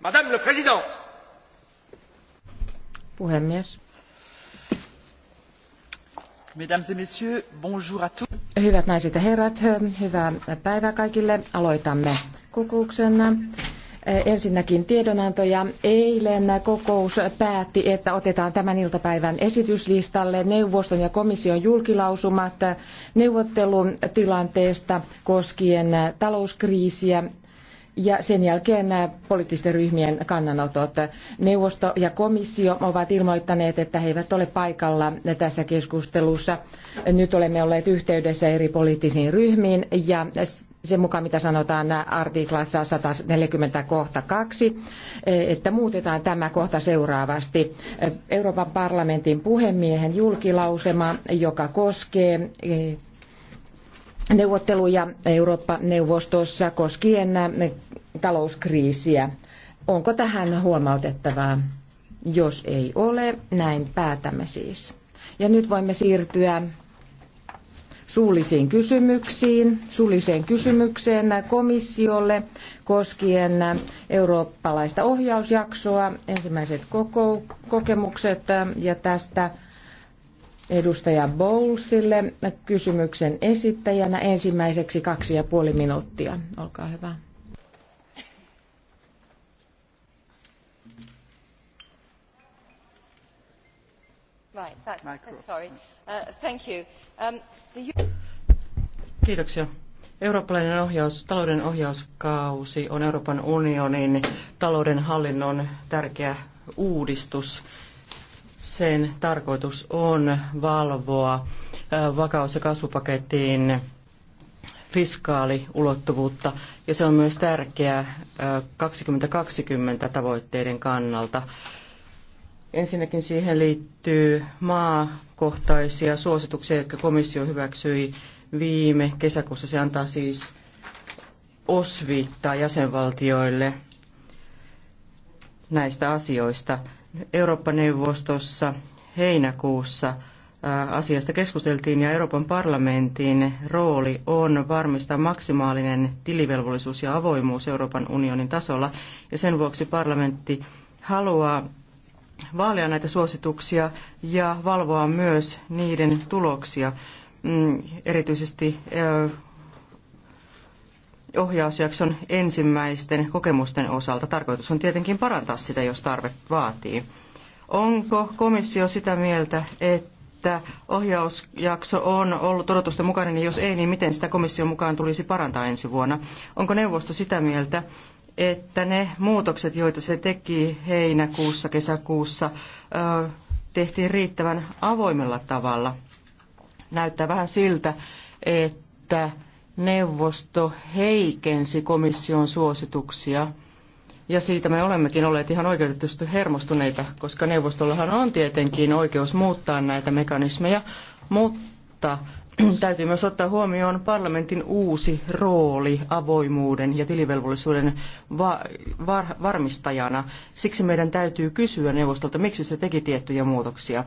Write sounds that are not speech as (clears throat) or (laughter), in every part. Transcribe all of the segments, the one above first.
Madame le Président. Puhemies. Mesdames et messieurs, bonjour à tous. Hyvät naiset ja herrat, hyvää päivää kaikille. Aloitamme kokouksen. Eh, ensinnäkin tiedonantoja. Eilen kokous päätti, että otetaan tämän iltapäivän esityslistalle neuvoston ja komission julkilausumat neuvottelutilanteesta koskien talouskriisiä ja sen jälkeen äh, poliittisten ryhmien kannanotot. Neuvosto ja komissio ovat ilmoittaneet, että he eivät ole paikalla tässä keskustelussa. Nyt olemme olleet yhteydessä eri poliittisiin ryhmiin ja sen mukaan, mitä sanotaan äh, artiklassa 140 kohta 2, äh, että muutetaan tämä kohta seuraavasti. Euroopan parlamentin puhemiehen julkilausema, joka koskee neuvotteluja Eurooppa-neuvostossa koskien talouskriisiä. Onko tähän huomautettavaa? Jos ei ole, näin päätämme siis. Ja nyt voimme siirtyä suullisiin kysymyksiin, suulliseen kysymykseen komissiolle koskien eurooppalaista ohjausjaksoa, ensimmäiset koko, kokemukset ja tästä edustaja Bowlesille kysymyksen esittäjänä ensimmäiseksi kaksi ja puoli minuuttia. Olkaa hyvä. Uh, um, Kiitoksia. Eurooppalainen ohjaus, talouden ohjauskausi on Euroopan unionin talouden hallinnon tärkeä uudistus. Sen tarkoitus on valvoa vakaus- ja kasvupakettiin fiskaaliulottuvuutta ja se on myös tärkeä 2020 tavoitteiden kannalta. Ensinnäkin siihen liittyy maakohtaisia suosituksia, jotka komissio hyväksyi viime kesäkuussa. Se antaa siis osviittaa jäsenvaltioille näistä asioista. Eurooppa-neuvostossa heinäkuussa asiasta keskusteltiin ja Euroopan parlamentin rooli on varmistaa maksimaalinen tilivelvollisuus ja avoimuus Euroopan unionin tasolla ja sen vuoksi parlamentti haluaa vaalia näitä suosituksia ja valvoa myös niiden tuloksia, mm, erityisesti ohjausjakson ensimmäisten kokemusten osalta. Tarkoitus on tietenkin parantaa sitä, jos tarve vaatii. Onko komissio sitä mieltä, että ohjausjakso on ollut odotusten mukainen, ja jos ei, niin miten sitä komission mukaan tulisi parantaa ensi vuonna? Onko neuvosto sitä mieltä, että ne muutokset, joita se teki heinäkuussa, kesäkuussa, tehtiin riittävän avoimella tavalla. Näyttää vähän siltä, että neuvosto heikensi komission suosituksia. Ja siitä me olemmekin olleet ihan oikeutetusti hermostuneita, koska neuvostollahan on tietenkin oikeus muuttaa näitä mekanismeja, mutta (clears throat) Täytyy myös ottaa huomioon parlamentin uusi rooli avoimuuden ja tilivelvollisuuden varmistajana. Siksi meidän täytyy kysyä neuvostolta, miksi se teki tiettyjä muutoksia.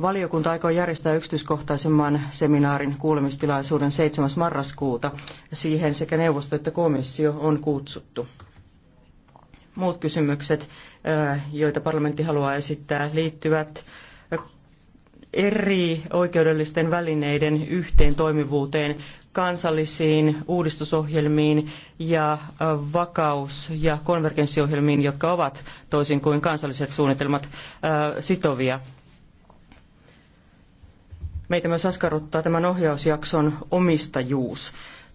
Valiokunta aikoo järjestää yksityiskohtaisemman seminaarin kuulemistilaisuuden 7. marraskuuta. Siihen sekä neuvosto että komissio on kutsuttu. Muut kysymykset, joita parlamentti haluaa esittää, liittyvät eri oikeudellisten välineiden yhteentoimivuuteen, kansallisiin uudistusohjelmiin ja äh, vakaus- ja konvergenssiohjelmiin, jotka ovat toisin kuin kansalliset suunnitelmat äh, sitovia. Meitä myös askarruttaa tämän ohjausjakson omistajuus.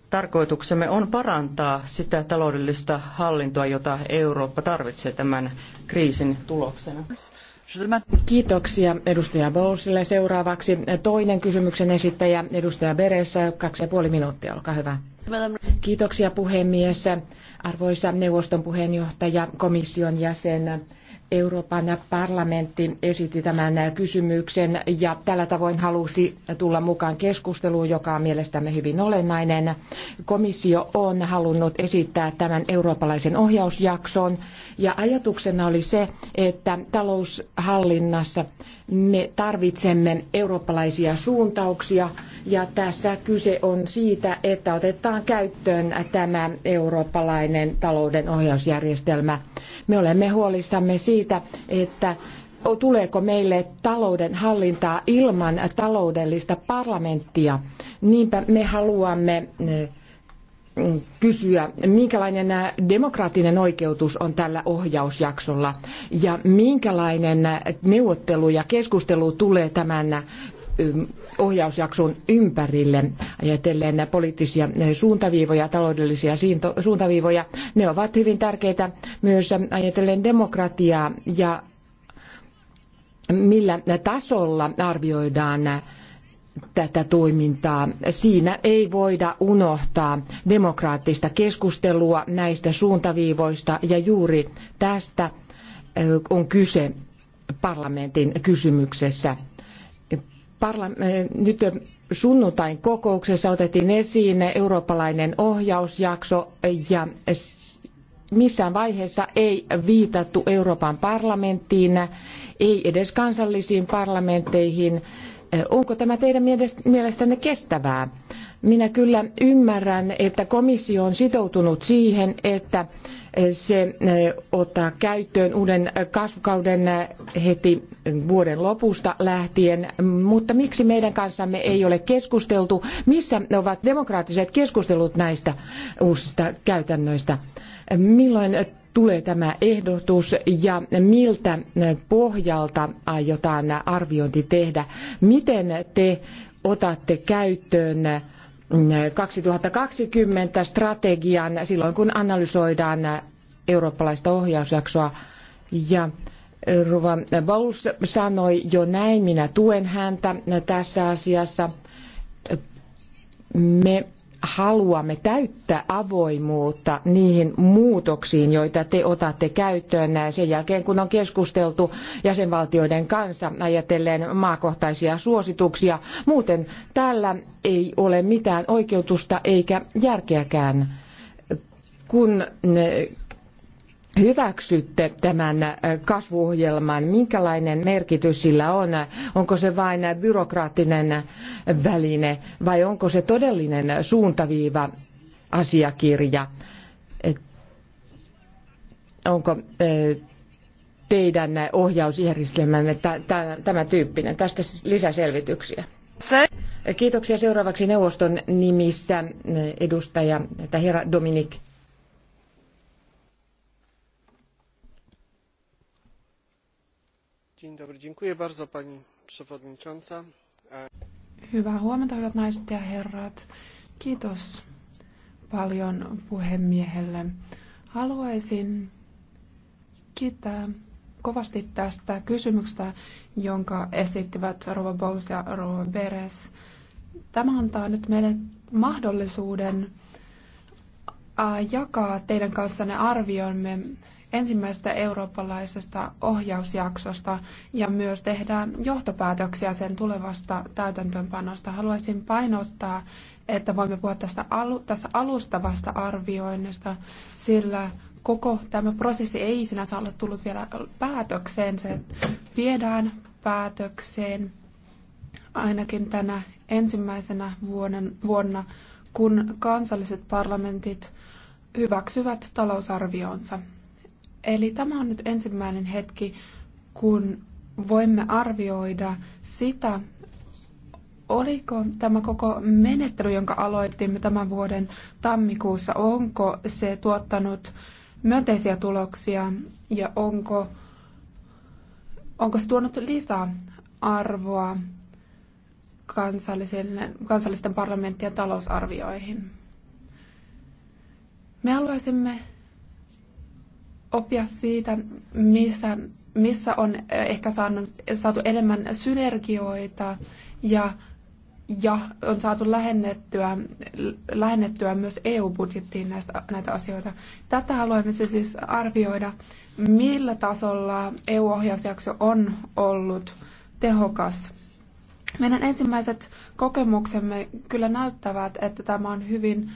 Tarkoituksemme on parantaa sitä taloudellista hallintoa, jota Eurooppa tarvitsee tämän kriisin tuloksena. Kiitoksia edustaja Bowlesille. Seuraavaksi toinen kysymyksen esittäjä, edustaja Beressä, kaksi ja puoli minuuttia, olkaa hyvä. Kiitoksia puhemies, arvoisa neuvoston puheenjohtaja, komission jäsen Euroopan parlamentti esitti tämän kysymyksen ja tällä tavoin halusi tulla mukaan keskusteluun, joka on mielestämme hyvin olennainen. Komissio on halunnut esittää tämän eurooppalaisen ohjausjakson ja ajatuksena oli se, että taloushallinnassa me tarvitsemme eurooppalaisia suuntauksia – ja tässä kyse on siitä, että otetaan käyttöön tämä eurooppalainen talouden ohjausjärjestelmä. Me olemme huolissamme siitä, että tuleeko meille talouden hallintaa ilman taloudellista parlamenttia. Niinpä me haluamme eh, kysyä, minkälainen demokraattinen oikeutus on tällä ohjausjaksolla ja minkälainen neuvottelu ja keskustelu tulee tämän ohjausjakson ympärille ajatellen poliittisia suuntaviivoja, taloudellisia suuntaviivoja. Ne ovat hyvin tärkeitä myös ajatellen demokratiaa ja millä tasolla arvioidaan tätä toimintaa. Siinä ei voida unohtaa demokraattista keskustelua näistä suuntaviivoista ja juuri tästä on kyse parlamentin kysymyksessä Eh, nyt sunnuntain kokouksessa otettiin esiin eurooppalainen ohjausjakso ja missään vaiheessa ei viitattu Euroopan parlamenttiin, ei edes kansallisiin parlamentteihin. Eh, onko tämä teidän mielestänne kestävää? Minä kyllä ymmärrän, että komissio on sitoutunut siihen, että se ottaa käyttöön uuden kasvukauden heti vuoden lopusta lähtien, mutta miksi meidän kanssamme ei ole keskusteltu? Missä ovat demokraattiset keskustelut näistä uusista käytännöistä? Milloin tulee tämä ehdotus ja miltä pohjalta aiotaan arviointi tehdä? Miten te otatte käyttöön 2020 strategian silloin, kun analysoidaan eurooppalaista ohjausjaksoa. Ja eh, Ruva Bowles sanoi jo näin, minä tuen häntä tässä asiassa. Me haluamme täyttää avoimuutta niihin muutoksiin, joita te otatte käyttöön sen jälkeen, kun on keskusteltu jäsenvaltioiden kanssa ajatellen maakohtaisia suosituksia. Muuten tällä ei ole mitään oikeutusta eikä järkeäkään, kun ne hyväksytte tämän äh, kasvuohjelman, minkälainen merkitys sillä on? Onko se vain byrokraattinen väline vai onko se todellinen suuntaviiva asiakirja? Onko äh, teidän ohjausjärjestelmänne tämä tyyppinen? Tästä lisäselvityksiä. Kiitoksia seuraavaksi neuvoston nimissä äh, edustaja herra Dominik Hyvää huomenta, hyvät naiset ja herrat. Kiitos paljon puhemiehelle. Haluaisin kiittää kovasti tästä kysymyksestä, jonka esittivät Rova Bowles ja Rova Beres. Tämä antaa nyt meille mahdollisuuden jakaa teidän kanssanne arviomme ensimmäisestä eurooppalaisesta ohjausjaksosta ja myös tehdään johtopäätöksiä sen tulevasta täytäntöönpanosta. Haluaisin painottaa, että voimme puhua tästä, alu, tästä alustavasta arvioinnista, sillä koko tämä prosessi ei sinänsä ole tullut vielä päätökseen. Se viedään päätökseen ainakin tänä ensimmäisenä vuoden, vuonna, kun kansalliset parlamentit hyväksyvät talousarvioonsa. Eli tämä on nyt ensimmäinen hetki, kun voimme arvioida sitä, oliko tämä koko menettely, jonka aloitimme tämän vuoden tammikuussa, onko se tuottanut myönteisiä tuloksia ja onko, onko se tuonut lisää arvoa kansallisten parlamenttien talousarvioihin. Me haluaisimme oppia siitä, missä, missä on eh, ehkä saanut, saatu enemmän synergioita ja, ja on saatu lähennettyä, lähennettyä myös EU-budjettiin näistä, näitä asioita. Tätä haluamme siis, siis arvioida, millä tasolla EU-ohjausjakso on ollut tehokas. Meidän ensimmäiset kokemuksemme kyllä näyttävät, että tämä on hyvin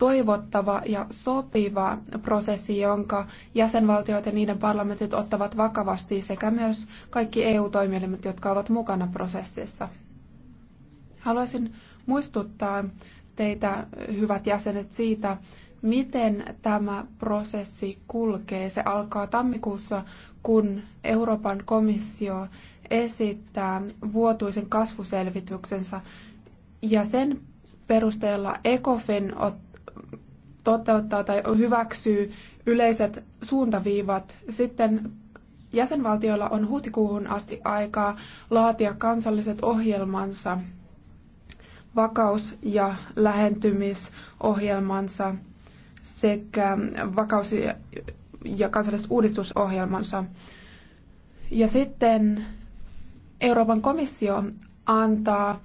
toivottava ja sopiva prosessi, jonka jäsenvaltiot ja niiden parlamentit ottavat vakavasti sekä myös kaikki EU-toimielimet, jotka ovat mukana prosessissa. Haluaisin muistuttaa teitä, hyvät jäsenet, siitä, miten tämä prosessi kulkee. Se alkaa tammikuussa, kun Euroopan komissio esittää vuotuisen kasvuselvityksensä ja sen perusteella ECOFIN ottaa toteuttaa tai hyväksyy yleiset suuntaviivat. Sitten jäsenvaltioilla on huhtikuuhun asti aikaa laatia kansalliset ohjelmansa, vakaus- ja lähentymisohjelmansa sekä vakaus- ja kansalliset uudistusohjelmansa. Ja sitten Euroopan komissio antaa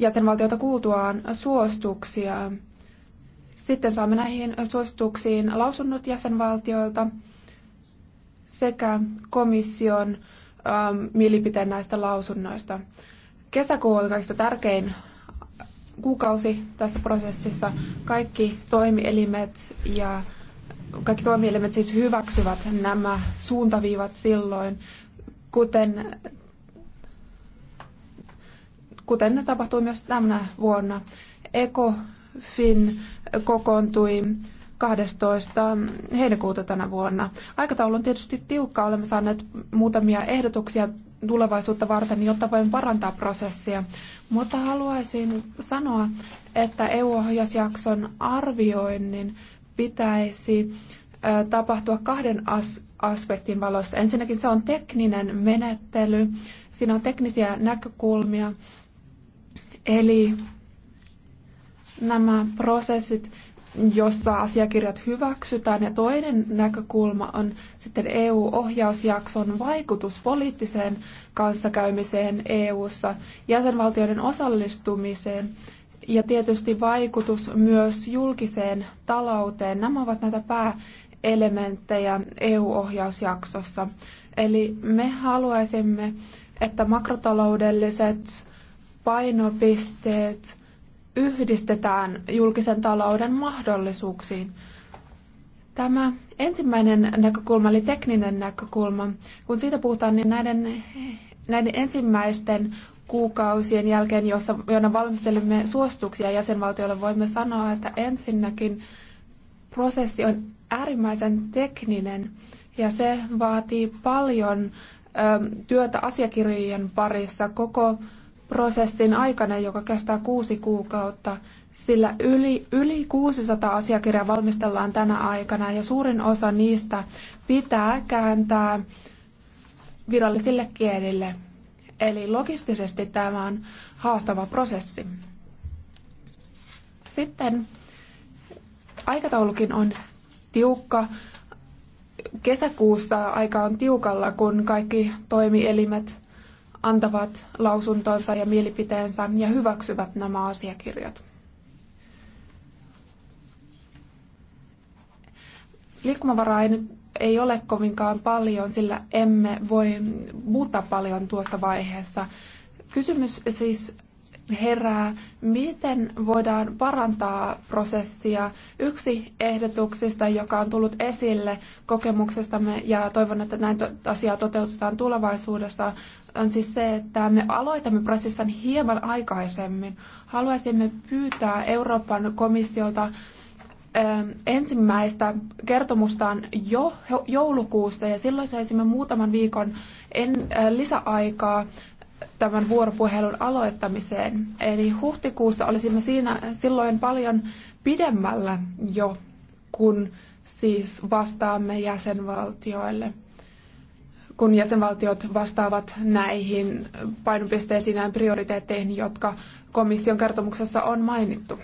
jäsenvaltiota kuultuaan suostuksia. Sitten saamme näihin suosituksiin lausunnot jäsenvaltioilta sekä komission ähm, mielipiteen näistä lausunnoista. Kesäkuu oli kaikista tärkein kuukausi tässä prosessissa. Kaikki toimielimet ja kaikki toimielimet siis hyväksyvät nämä suuntaviivat silloin. Kuten kuten tapahtui myös tänä vuonna. ECOFIN kokoontui 12. heinäkuuta tänä vuonna. Aikataulu on tietysti tiukka. Olemme saaneet muutamia ehdotuksia tulevaisuutta varten, jotta voimme parantaa prosessia. Mutta haluaisin sanoa, että EU-ohjausjakson arvioinnin pitäisi tapahtua kahden as- aspektin valossa. Ensinnäkin se on tekninen menettely, siinä on teknisiä näkökulmia Eli nämä prosessit, jossa asiakirjat hyväksytään. Ja toinen näkökulma on sitten EU-ohjausjakson vaikutus poliittiseen kanssakäymiseen EU-ssa, jäsenvaltioiden osallistumiseen ja tietysti vaikutus myös julkiseen talouteen. Nämä ovat näitä pääelementtejä EU-ohjausjaksossa. Eli me haluaisimme, että makrotaloudelliset painopisteet yhdistetään julkisen talouden mahdollisuuksiin. Tämä ensimmäinen näkökulma, eli tekninen näkökulma, kun siitä puhutaan, niin näiden, näiden ensimmäisten kuukausien jälkeen, jossa, jona valmistelemme suosituksia jäsenvaltioille, voimme sanoa, että ensinnäkin prosessi on äärimmäisen tekninen ja se vaatii paljon ö, työtä asiakirjojen parissa. Koko prosessin aikana, joka kestää kuusi kuukautta, sillä yli, yli 600 asiakirjaa valmistellaan tänä aikana ja suurin osa niistä pitää kääntää virallisille kielille. Eli logistisesti tämä on haastava prosessi. Sitten aikataulukin on tiukka. Kesäkuussa aika on tiukalla, kun kaikki toimielimet antavat lausuntonsa ja mielipiteensä ja hyväksyvät nämä asiakirjat. Liikkumavaraa ei nyt ei ole kovinkaan paljon, sillä emme voi muuta paljon tuossa vaiheessa. Kysymys siis herää, miten voidaan parantaa prosessia. Yksi ehdotuksista, joka on tullut esille kokemuksestamme, ja toivon, että näin asiaa toteutetaan tulevaisuudessa, on siis se, että me aloitamme prosessin hieman aikaisemmin. Haluaisimme pyytää Euroopan komissiolta ähm, ensimmäistä kertomustaan jo joulukuussa ja silloin saisimme muutaman viikon en, äh, lisäaikaa tämän vuoropuhelun aloittamiseen. Eli huhtikuussa olisimme siinä silloin paljon pidemmällä jo, kun siis vastaamme jäsenvaltioille kun jäsenvaltiot vastaavat näihin painopisteisiin ja prioriteetteihin, jotka komission kertomuksessa on mainittu.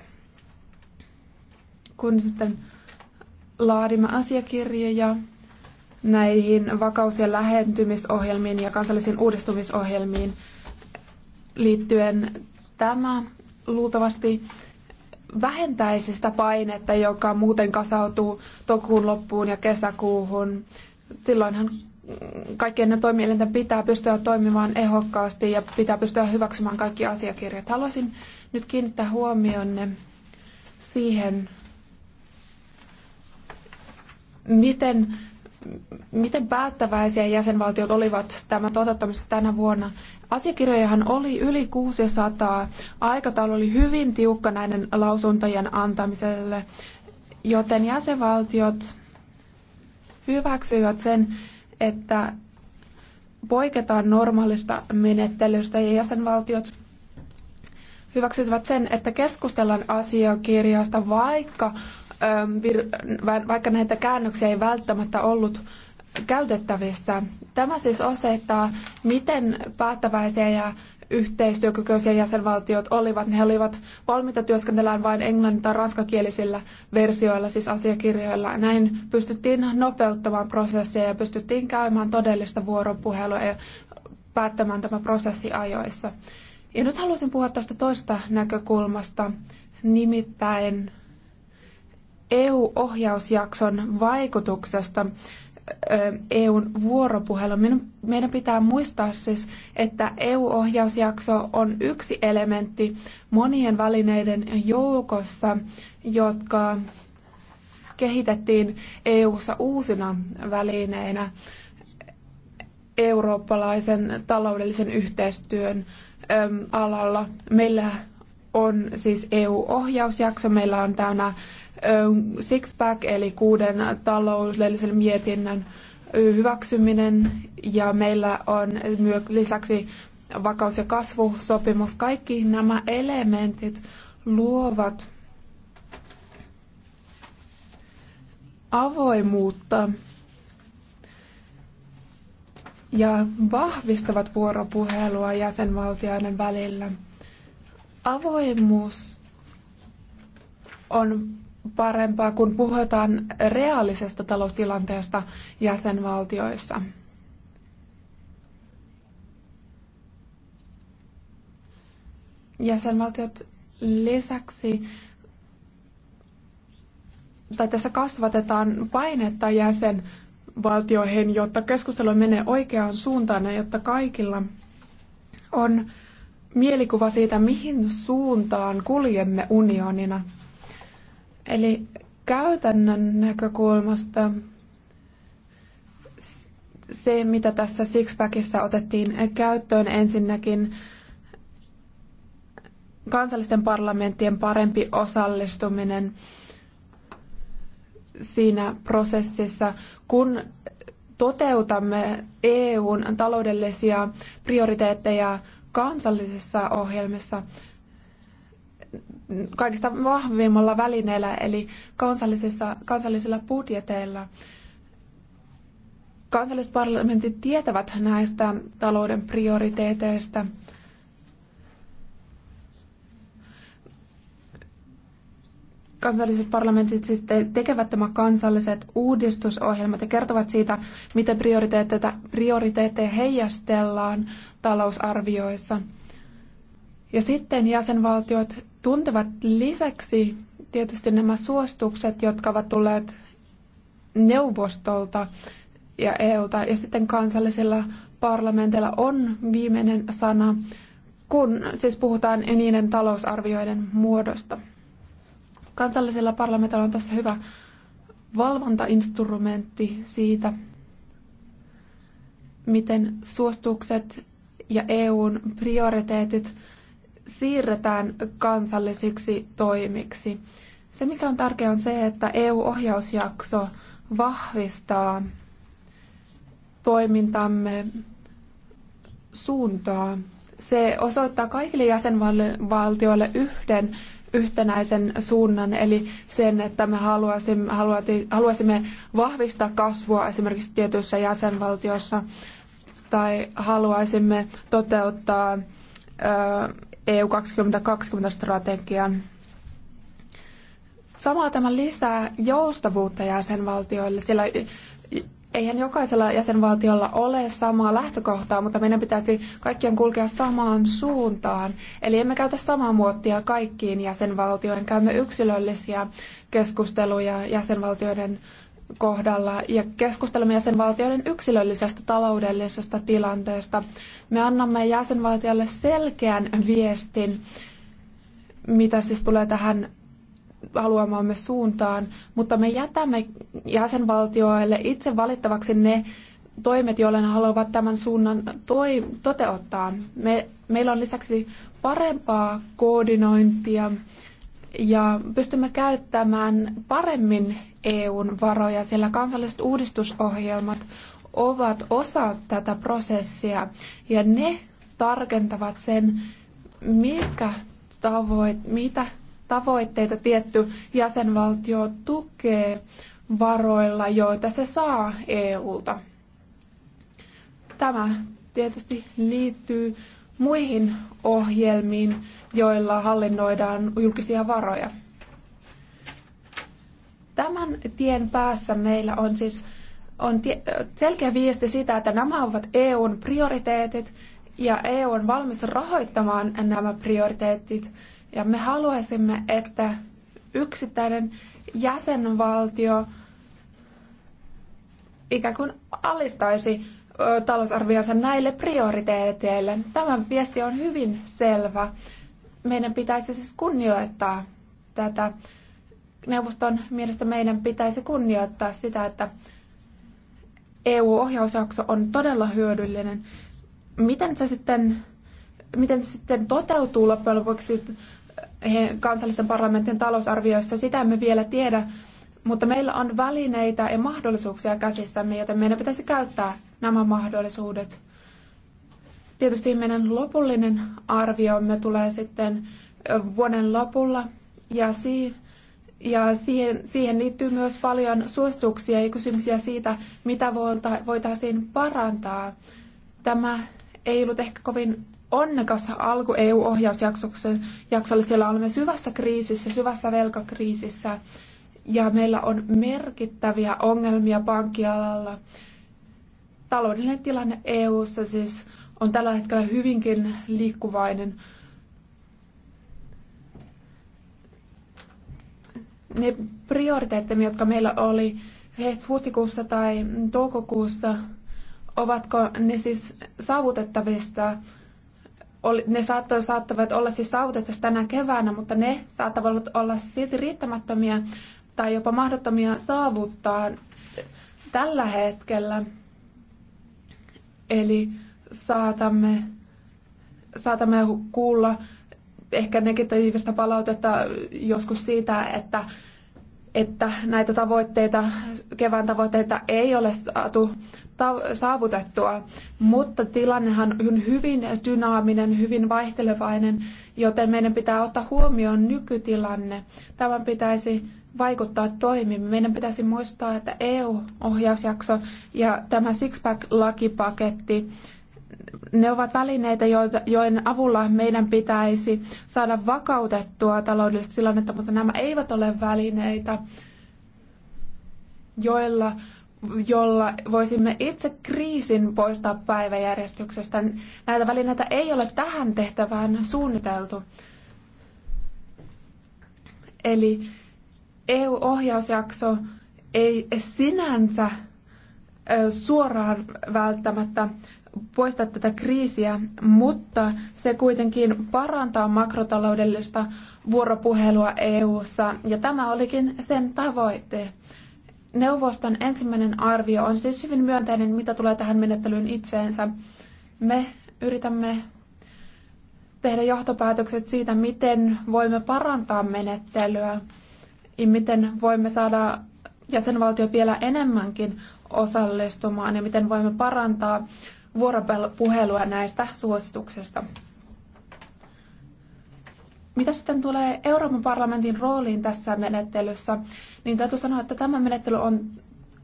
Kun sitten laadimme asiakirjoja näihin vakaus- ja lähentymisohjelmiin ja kansallisiin uudistumisohjelmiin liittyen, tämä luultavasti vähentäisi sitä painetta, joka muuten kasautuu tokuun loppuun ja kesäkuuhun. Silloinhan kaikkien toimielinten pitää pystyä toimimaan ehokkaasti ja pitää pystyä hyväksymään kaikki asiakirjat. Haluaisin nyt kiinnittää huomionne siihen, miten, miten päättäväisiä jäsenvaltiot olivat tämän toteuttamisessa tänä vuonna. Asiakirjojahan oli yli 600. Aikataulu oli hyvin tiukka näiden lausuntojen antamiselle, joten jäsenvaltiot hyväksyivät sen, että poiketaan normaalista menettelystä ja jäsenvaltiot hyväksyvät sen, että keskustellaan asiakirjoista, vaikka, ähm, vaikka näitä käännöksiä ei välttämättä ollut käytettävissä. Tämä siis osoittaa, miten päättäväisiä ja yhteistyökykyisiä jäsenvaltiot olivat, ne olivat valmiita työskentelemään vain englannin- tai ranskakielisillä versioilla, siis asiakirjoilla. Näin pystyttiin nopeuttamaan prosessia ja pystyttiin käymään todellista vuoropuhelua ja päättämään tämä prosessi ajoissa. Ja nyt haluaisin puhua tästä toista näkökulmasta, nimittäin EU-ohjausjakson vaikutuksesta EUn vuoropuhelu. Meidän pitää muistaa siis, että EU-ohjausjakso on yksi elementti monien välineiden joukossa, jotka kehitettiin EU:ssa uusina välineinä eurooppalaisen taloudellisen yhteistyön alalla. Meillä on siis EU-ohjausjakso, meillä on täynnä Sixpack eli kuuden taloudellisen mietinnön hyväksyminen ja meillä on lisäksi vakaus- ja kasvusopimus. Kaikki nämä elementit luovat avoimuutta ja vahvistavat vuoropuhelua jäsenvaltioiden välillä. Avoimuus on parempaa, kun puhutaan reaalisesta taloustilanteesta jäsenvaltioissa. Jäsenvaltiot lisäksi tai tässä kasvatetaan painetta jäsenvaltioihin, jotta keskustelu menee oikeaan suuntaan ja jotta kaikilla on mielikuva siitä, mihin suuntaan kuljemme unionina. Eli käytännön näkökulmasta se, mitä tässä Sixpackissa otettiin käyttöön ensinnäkin, kansallisten parlamenttien parempi osallistuminen siinä prosessissa, kun toteutamme EUn taloudellisia prioriteetteja kansallisissa ohjelmissa kaikista vahvimmalla välineellä, eli kansallisissa, kansallisilla budjeteilla. Kansalliset parlamentit tietävät näistä talouden prioriteeteista. kansalliset parlamentit siis tekevät tämä kansalliset uudistusohjelmat ja kertovat siitä, miten prioriteetteja, prioriteetteja heijastellaan talousarvioissa. Ja sitten jäsenvaltiot tuntevat lisäksi tietysti nämä suostukset, jotka ovat tulleet neuvostolta ja EUlta ja sitten kansallisilla parlamenteilla on viimeinen sana, kun siis puhutaan niiden talousarvioiden muodosta. Kansallisilla parlamentilla on tässä hyvä valvontainstrumentti siitä, miten suostukset ja EUn prioriteetit siirretään kansallisiksi toimiksi. Se, mikä on tärkeää, on se, että EU-ohjausjakso vahvistaa toimintamme suuntaa. Se osoittaa kaikille jäsenvaltioille yhden yhtenäisen suunnan, eli sen, että me haluaisimme, haluaisimme vahvistaa kasvua esimerkiksi tietyissä jäsenvaltiossa tai haluaisimme toteuttaa EU 2020-strategian. Samalla tämä lisää joustavuutta jäsenvaltioille, sillä eihän jokaisella jäsenvaltiolla ole samaa lähtökohtaa, mutta meidän pitäisi kaikkien kulkea samaan suuntaan. Eli emme käytä samaa muottia kaikkiin jäsenvaltioihin, käymme yksilöllisiä keskusteluja jäsenvaltioiden kohdalla ja keskustelemme jäsenvaltioiden yksilöllisestä taloudellisesta tilanteesta. Me annamme jäsenvaltiolle selkeän viestin, mitä siis tulee tähän haluamaamme suuntaan, mutta me jätämme jäsenvaltioille itse valittavaksi ne toimet, joilla ne haluavat tämän suunnan toi, toteuttaa. Me, meillä on lisäksi parempaa koordinointia ja pystymme käyttämään paremmin EUn varoja, sillä kansalliset uudistusohjelmat ovat osa tätä prosessia ja ne tarkentavat sen, mitkä tavoit, mitä tavoitteita tietty jäsenvaltio tukee varoilla, joita se saa EUlta. Tämä tietysti liittyy muihin ohjelmiin, joilla hallinnoidaan julkisia varoja. Tämän tien päässä meillä on siis on selkeä viesti siitä, että nämä ovat EUn prioriteetit ja EU on valmis rahoittamaan nämä prioriteetit. Ja me haluaisimme, että yksittäinen jäsenvaltio ikään kuin alistaisi talousarvionsa näille prioriteeteille. Tämä viesti on hyvin selvä. Meidän pitäisi siis kunnioittaa tätä neuvoston mielestä meidän pitäisi kunnioittaa sitä, että EU-ohjausjakso on todella hyödyllinen. Miten se sitten, miten se sitten toteutuu loppujen lopuksi eh, kansallisten parlamentin talousarvioissa, sitä emme vielä tiedä, mutta meillä on välineitä ja mahdollisuuksia käsissämme, joten meidän pitäisi käyttää nämä mahdollisuudet. Tietysti meidän lopullinen arvioimme tulee sitten vuoden lopulla ja siinä ja siihen, siihen liittyy myös paljon suosituksia ja kysymyksiä siitä, mitä voitaisiin parantaa. Tämä ei ollut ehkä kovin onnekas alku EU-ohjausjaksolle. Siellä olemme syvässä kriisissä, syvässä velkakriisissä ja meillä on merkittäviä ongelmia pankkialalla. Taloudellinen tilanne EU:ssa siis on tällä hetkellä hyvinkin liikkuvainen. ne prioriteettimme, jotka meillä oli huhtikuussa tai toukokuussa, ovatko ne siis saavutettavissa? Ne saattoi, saattavat olla siis saavutettavissa tänä keväänä, mutta ne saattavat olla silti riittämättömiä tai jopa mahdottomia saavuttaa tällä hetkellä. Eli saatamme, saatamme kuulla ehkä negatiivista palautetta joskus siitä, että että näitä tavoitteita, kevään tavoitteita ei ole saatu saavutettua, mutta tilannehan on hyvin dynaaminen, hyvin vaihtelevainen, joten meidän pitää ottaa huomioon nykytilanne. Tämän pitäisi vaikuttaa toimiin. Meidän pitäisi muistaa, että EU-ohjausjakso ja tämä Sixpack-lakipaketti ne ovat välineitä, joiden avulla meidän pitäisi saada vakautettua taloudellista tilannetta, mutta nämä eivät ole välineitä, joilla, jolla voisimme itse kriisin poistaa päiväjärjestyksestä. Näitä välineitä ei ole tähän tehtävään suunniteltu. Eli EU-ohjausjakso ei sinänsä suoraan välttämättä poista tätä kriisiä, mutta se kuitenkin parantaa makrotaloudellista vuoropuhelua EU:ssa ja tämä olikin sen tavoite. Neuvoston ensimmäinen arvio on siis hyvin myönteinen, mitä tulee tähän menettelyyn itseensä. Me yritämme tehdä johtopäätökset siitä, miten voimme parantaa menettelyä ja miten voimme saada jäsenvaltiot vielä enemmänkin osallistumaan ja miten voimme parantaa vuoropuhelua näistä suosituksista. Mitä sitten tulee Euroopan parlamentin rooliin tässä menettelyssä, niin täytyy sanoa, että tämä menettely on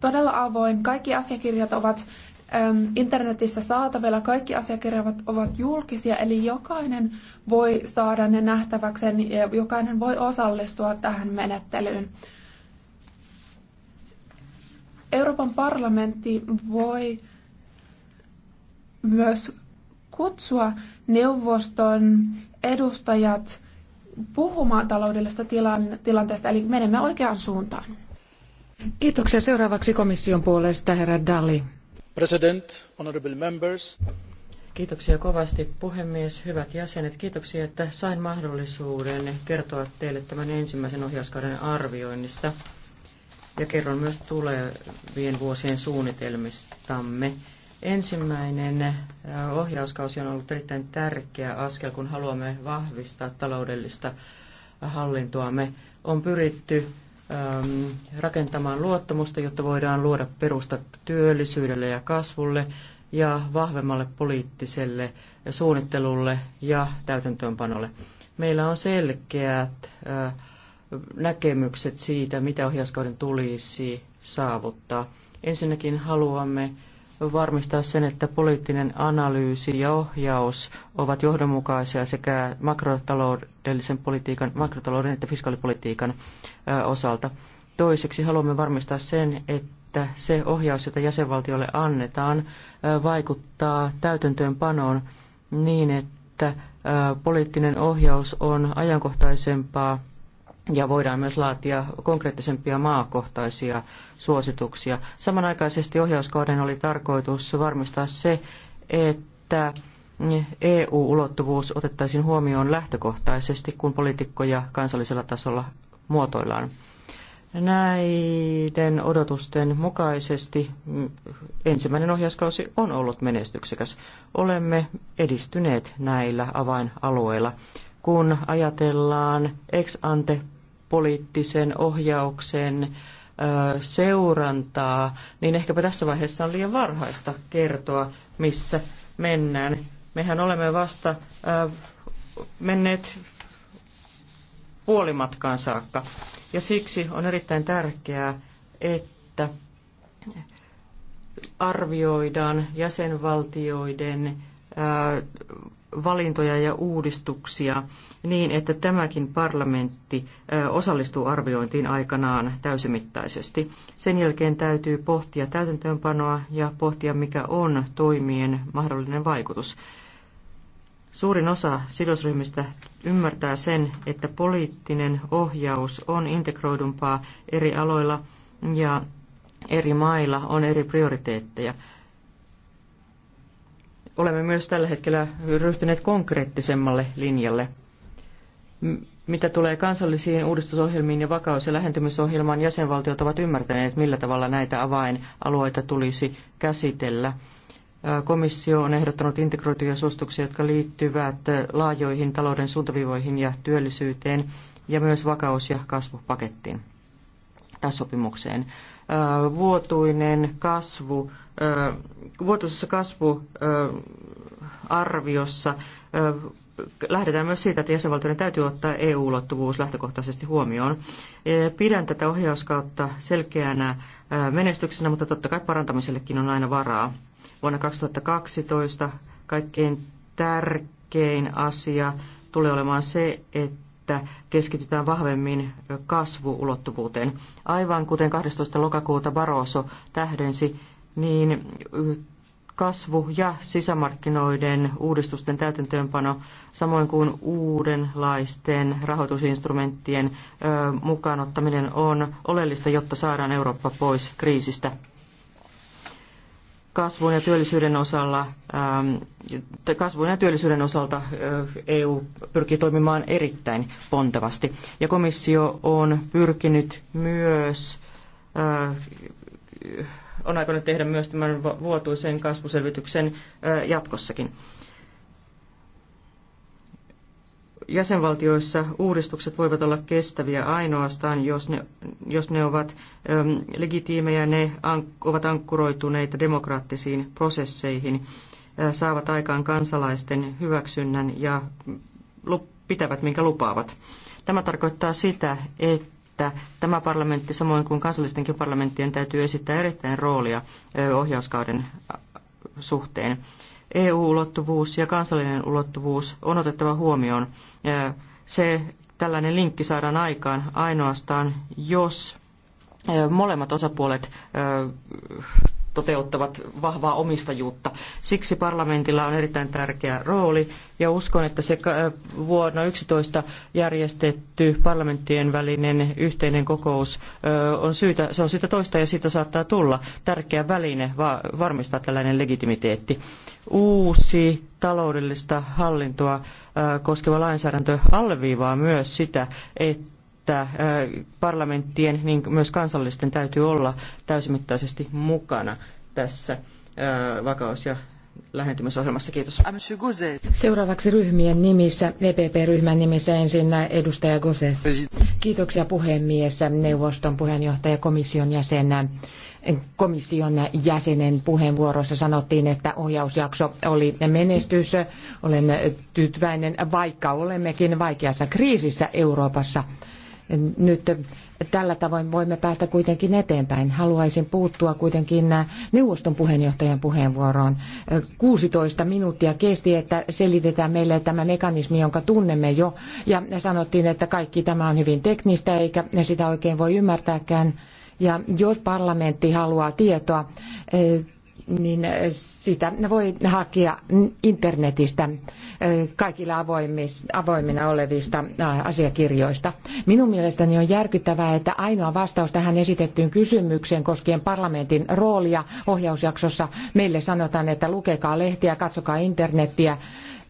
todella avoin. Kaikki asiakirjat ovat ähm, internetissä saatavilla. Kaikki asiakirjat ovat julkisia, eli jokainen voi saada ne nähtäväkseen ja jokainen voi osallistua tähän menettelyyn. Euroopan parlamentti voi myös kutsua neuvoston edustajat puhumaan taloudellisesta tilanteesta, eli menemme oikeaan suuntaan. Kiitoksia. Seuraavaksi komission puolesta herra Dalli. President, honorable members. Kiitoksia kovasti puhemies, hyvät jäsenet. Kiitoksia, että sain mahdollisuuden kertoa teille tämän ensimmäisen ohjauskauden arvioinnista ja kerron myös tulevien vuosien suunnitelmistamme. Ensimmäinen äh, ohjauskausi on ollut erittäin tärkeä askel, kun haluamme vahvistaa taloudellista hallintoamme. On pyritty ähm, rakentamaan luottamusta, jotta voidaan luoda perusta työllisyydelle ja kasvulle ja vahvemmalle poliittiselle suunnittelulle ja täytäntöönpanolle. Meillä on selkeät äh, näkemykset siitä, mitä ohjauskauden tulisi saavuttaa. Ensinnäkin haluamme varmistaa sen, että poliittinen analyysi ja ohjaus ovat johdonmukaisia sekä makrotaloudellisen politiikan, makrotalouden että fiskaalipolitiikan osalta. Toiseksi haluamme varmistaa sen, että se ohjaus, jota jäsenvaltiolle annetaan, vaikuttaa täytäntöönpanoon niin, että poliittinen ohjaus on ajankohtaisempaa ja voidaan myös laatia konkreettisempia maakohtaisia suosituksia. Samanaikaisesti ohjauskauden oli tarkoitus varmistaa se, että EU-ulottuvuus otettaisiin huomioon lähtökohtaisesti, kun poliitikkoja kansallisella tasolla muotoillaan. Näiden odotusten mukaisesti ensimmäinen ohjauskausi on ollut menestyksekäs. Olemme edistyneet näillä avainalueilla. Kun ajatellaan ex ante poliittisen ohjauksen seurantaa, niin ehkäpä tässä vaiheessa on liian varhaista kertoa, missä mennään. Mehän olemme vasta menneet puolimatkaan saakka. Ja siksi on erittäin tärkeää, että arvioidaan jäsenvaltioiden valintoja ja uudistuksia niin, että tämäkin parlamentti osallistuu arviointiin aikanaan täysimittaisesti. Sen jälkeen täytyy pohtia täytäntöönpanoa ja pohtia, mikä on toimien mahdollinen vaikutus. Suurin osa sidosryhmistä ymmärtää sen, että poliittinen ohjaus on integroidumpaa eri aloilla ja eri mailla on eri prioriteetteja – olemme myös tällä hetkellä ryhtyneet konkreettisemmalle linjalle. Mitä tulee kansallisiin uudistusohjelmiin ja vakaus- ja lähentymisohjelmaan, jäsenvaltiot ovat ymmärtäneet, millä tavalla näitä avainalueita tulisi käsitellä. Komissio on ehdottanut integroituja suostuksia, jotka liittyvät laajoihin talouden suuntaviivoihin ja työllisyyteen ja myös vakaus- ja kasvupakettiin tai sopimukseen. Äh, vuotuinen kasvu, äh, vuotuisessa kasvuarviossa äh, lähdetään myös siitä, että jäsenvaltioiden täytyy ottaa EU-ulottuvuus lähtökohtaisesti huomioon. Pidän tätä ohjauskautta selkeänä menestyksenä, mutta totta kai parantamisellekin on aina varaa. Vuonna 2012 kaikkein tärkein asia tulee olemaan se, että että keskitytään vahvemmin kasvuulottuvuuteen. Aivan kuten 12. lokakuuta Barroso tähdensi, niin kasvu- ja sisämarkkinoiden uudistusten täytäntöönpano, samoin kuin uudenlaisten rahoitusinstrumenttien mukaanottaminen on oleellista, jotta saadaan Eurooppa pois kriisistä kasvun ja työllisyyden osalla, ähm, kasvun ja työllisyyden osalta EU pyrkii toimimaan erittäin pontevasti. Ja komissio on pyrkinyt myös, äh, on aikonut tehdä myös tämän vuotuisen kasvuselvityksen äh, jatkossakin. jäsenvaltioissa uudistukset voivat olla kestäviä ainoastaan, jos ne, jos ne ovat äm, legitiimejä, ne ovat ankkuroituneita demokraattisiin prosesseihin, ä, äh, saavat aikaan kansalaisten hyväksynnän ja lup, pitävät, minkä lupaavat. Tämä tarkoittaa sitä, että tämä parlamentti, samoin kuin kansallistenkin parlamenttien, täytyy esittää erittäin roolia äh, ohjauskauden äh, suhteen. EU-ulottuvuus ja kansallinen ulottuvuus on otettava huomioon. Se tällainen linkki saadaan aikaan ainoastaan, jos molemmat osapuolet toteuttavat vahvaa omistajuutta. Siksi parlamentilla on erittäin tärkeä rooli ja uskon, että se äh, vuonna 11 järjestetty parlamenttien välinen yhteinen kokous äh, on syytä, se on syytä toista ja siitä saattaa tulla tärkeä väline varmistaa tällainen legitimiteetti. Uusi taloudellista hallintoa äh, koskeva lainsäädäntö alleviivaa myös sitä, että että parlamenttien, niin myös kansallisten täytyy olla täysimittaisesti mukana tässä vakaus- ja lähentymisohjelmassa. Kiitos. Ah, Seuraavaksi ryhmien nimissä, VPP-ryhmän e nimissä ensin edustaja Goses. Kiitoksia puhemies, neuvoston puheenjohtaja, komission jäsenä komission jäsenen puheenvuorossa sanottiin, että ohjausjakso oli menestys. Olen tyytyväinen, vaikka olemmekin vaikeassa kriisissä Euroopassa nyt tällä tavoin voimme päästä kuitenkin eteenpäin. Haluaisin puuttua kuitenkin neuvoston puheenjohtajan puheenvuoroon. 16 minuuttia kesti, että selitetään meille tämä mekanismi, jonka tunnemme jo. Ja sanottiin, että kaikki tämä on hyvin teknistä, eikä sitä oikein voi ymmärtääkään. Ja jos parlamentti haluaa tietoa, niin sitä voi hakea internetistä eh, kaikilla avoimina olevista eh, asiakirjoista. Minun mielestäni on järkyttävää, että ainoa vastaus tähän esitettyyn kysymykseen koskien parlamentin roolia ohjausjaksossa meille sanotaan, että lukekaa lehtiä, katsokaa internettiä,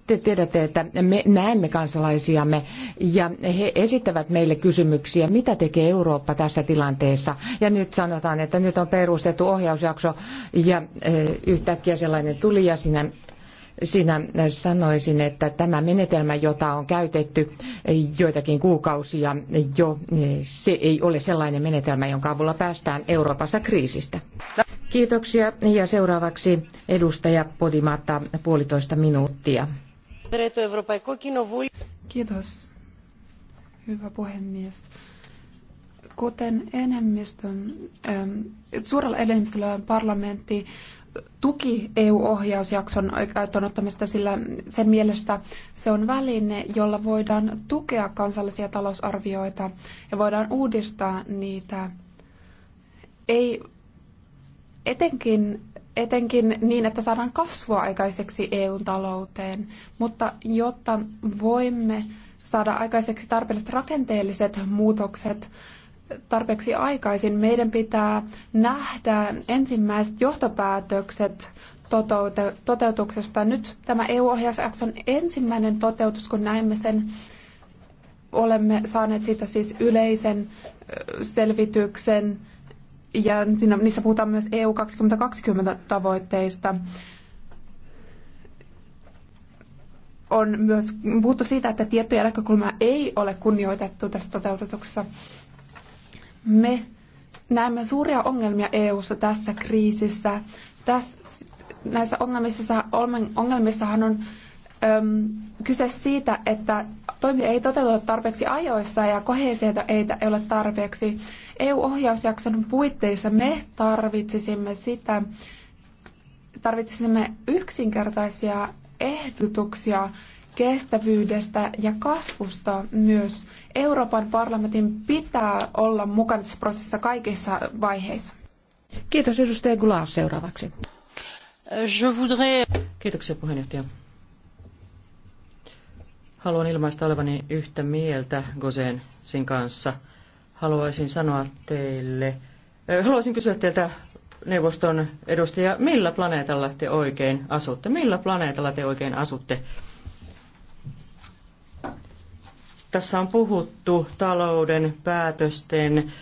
te tiedätte, että me näemme kansalaisiamme ja he esittävät meille kysymyksiä, mitä tekee Eurooppa tässä tilanteessa. Ja nyt sanotaan, että nyt on perustettu ohjausjakso ja eh, yhtäkkiä sellainen tuli ja siinä sinä sanoisin, että tämä menetelmä, jota on käytetty joitakin kuukausia jo, eh, se ei ole sellainen menetelmä, jonka avulla päästään Euroopassa kriisistä. Kiitoksia ja seuraavaksi edustaja Podimatta puolitoista minuuttia. Kiitos, hyvä puhemies. Kuten enemmistön, ähm, suurella enemmistöllä parlamentti tuki EU-ohjausjakson käyttöönottamista, sillä sen mielestä se on väline, jolla voidaan tukea kansallisia talousarvioita ja voidaan uudistaa niitä. Ei etenkin etenkin niin, että saadaan kasvua aikaiseksi EUn talouteen, mutta jotta voimme saada aikaiseksi tarpeelliset rakenteelliset muutokset tarpeeksi aikaisin, meidän pitää nähdä ensimmäiset johtopäätökset toteutuksesta. Nyt tämä EU-ohjausjakso on ensimmäinen toteutus, kun näemme sen. Olemme saaneet siitä siis yleisen selvityksen ja siinä, niissä puhutaan myös EU 2020 tavoitteista. On myös puhuttu siitä, että tiettyjä näkökulmia ei ole kunnioitettu tässä toteutuksessa. Me näemme suuria ongelmia EU:ssa tässä kriisissä. Tässä, näissä ongelmissa, ongelmissahan on äm, kyse siitä, että toimia ei toteuteta tarpeeksi ajoissa ja koheesiota ei, ei ole tarpeeksi. EU-ohjausjakson puitteissa me tarvitsisimme sitä, tarvitsisimme yksinkertaisia ehdotuksia kestävyydestä ja kasvusta myös. Euroopan parlamentin pitää olla mukana tässä prosessissa kaikissa vaiheissa. Kiitos edustaja Goulart seuraavaksi. Je voudrais... Kiitoksia puheenjohtaja. Haluan ilmaista olevani yhtä mieltä Gosensin kanssa – haluaisin sanoa teille, äh, haluaisin kysyä teiltä neuvoston edustaja, millä planeetalla te oikein asutte? Millä planeetalla te oikein asutte? Tässä on puhuttu talouden päätösten äh,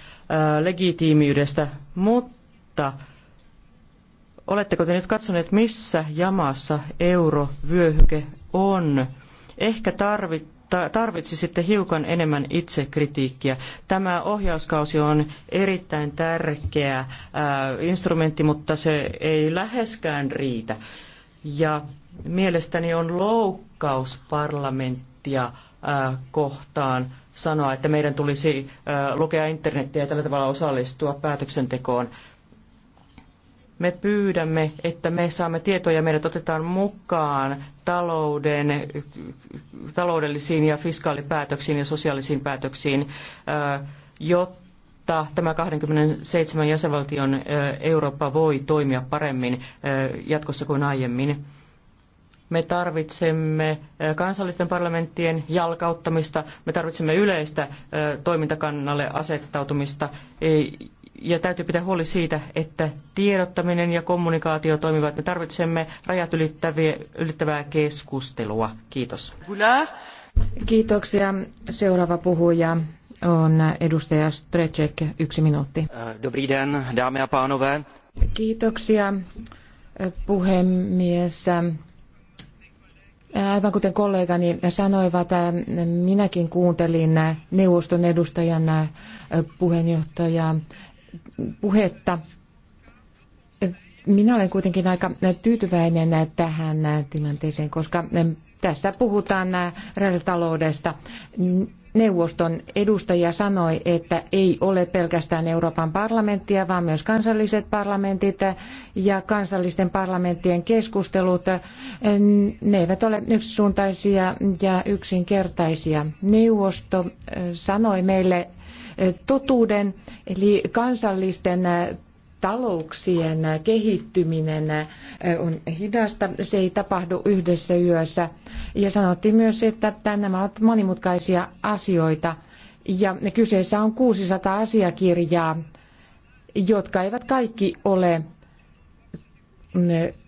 legitiimiydestä, mutta oletteko te nyt katsoneet, missä jamassa eurovyöhyke on? Ehkä tarvitaan tarvitsisitte hiukan enemmän itsekritiikkiä. Tämä ohjauskausi on erittäin tärkeä äh, instrumentti, mutta se ei läheskään riitä. Ja mielestäni on loukkaus parlamenttia äh, kohtaan sanoa, että meidän tulisi äh, lukea internettiä ja tällä tavalla osallistua päätöksentekoon me pyydämme, että me saamme tietoja, meidät otetaan mukaan talouden, taloudellisiin ja fiskaalipäätöksiin ja sosiaalisiin päätöksiin, jotta tämä 27 jäsenvaltion Eurooppa voi toimia paremmin jatkossa kuin aiemmin. Me tarvitsemme kansallisten parlamenttien jalkauttamista, me tarvitsemme yleistä toimintakannalle asettautumista ja täytyy pitää huoli siitä, että tiedottaminen ja kommunikaatio toimivat. Me tarvitsemme rajat ylittävää keskustelua. Kiitos. Kiitoksia. Seuraava puhuja on edustaja Strecek, yksi minuutti. Dobrý den, dámy a pánové. Kiitoksia, puhemies. Aivan kuten kollegani sanoivat, minäkin kuuntelin neuvoston edustajan puheenjohtaja puhetta. Minä olen kuitenkin aika tyytyväinen tähän tilanteeseen, koska tässä puhutaan taloudesta. Neuvoston edustaja sanoi, että ei ole pelkästään Euroopan parlamenttia, vaan myös kansalliset parlamentit ja kansallisten parlamenttien keskustelut. Ne eivät ole yksisuuntaisia ja yksinkertaisia. Neuvosto sanoi meille totuuden, eli kansallisten talouksien kehittyminen on hidasta, se ei tapahdu yhdessä yössä. Ja sanottiin myös, että nämä ovat monimutkaisia asioita. Ja kyseessä on 600 asiakirjaa, jotka eivät kaikki ole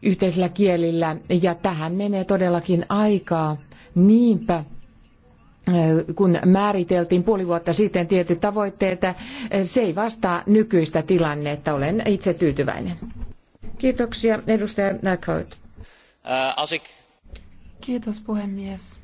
yhteisillä kielillä, ja tähän menee todellakin aikaa. Niinpä kun määriteltiin puoli vuotta sitten tietyt tavoitteet, se ei vastaa nykyistä tilannetta. Olen itse tyytyväinen. Kiitoksia, edustaja Näkhoit. Äh, Kiitos puhemies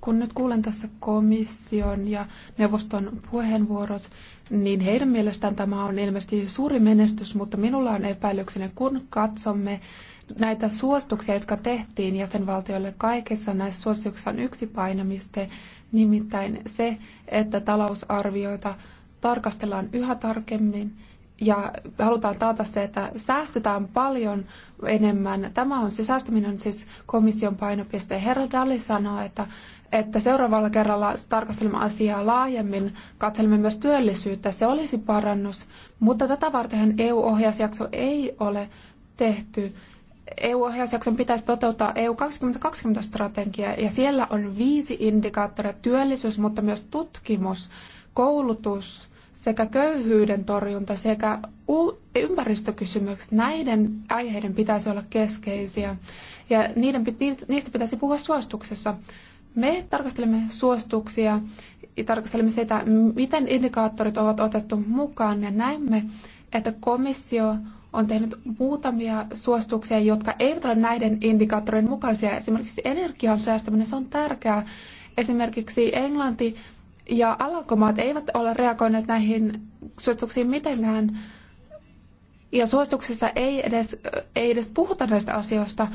kun nyt kuulen tässä komission ja neuvoston puheenvuorot, niin heidän mielestään tämä on ilmeisesti suuri menestys, mutta minulla on epäilykseni, kun katsomme näitä suostuksia, jotka tehtiin jäsenvaltioille kaikissa näissä suosituksissa on yksi painamiste, nimittäin se, että talousarvioita tarkastellaan yhä tarkemmin ja halutaan taata se, että säästetään paljon enemmän. Tämä on se säästäminen siis komission painopiste. Herra Dalli sanoo, että että seuraavalla kerralla tarkastelemme asiaa laajemmin, katselemme myös työllisyyttä, se olisi parannus, mutta tätä varten EU-ohjausjakso ei ole tehty. EU-ohjausjakson pitäisi toteuttaa EU 2020-strategia ja siellä on viisi indikaattoria, työllisyys, mutta myös tutkimus, koulutus sekä köyhyyden torjunta sekä ympäristökysymykset. Näiden aiheiden pitäisi olla keskeisiä ja niiden, niistä pitäisi puhua suosituksessa. Me tarkastelemme suosituksia ja tarkastelemme sitä, miten indikaattorit ovat otettu mukaan ja näemme, että komissio on tehnyt muutamia suosituksia, jotka eivät ole näiden indikaattorien mukaisia. Esimerkiksi energian säästäminen, se on tärkeää. Esimerkiksi Englanti ja Alankomaat eivät ole reagoineet näihin suosituksiin mitenkään. Ja suosituksissa ei edes, ei edes puhuta näistä asioista.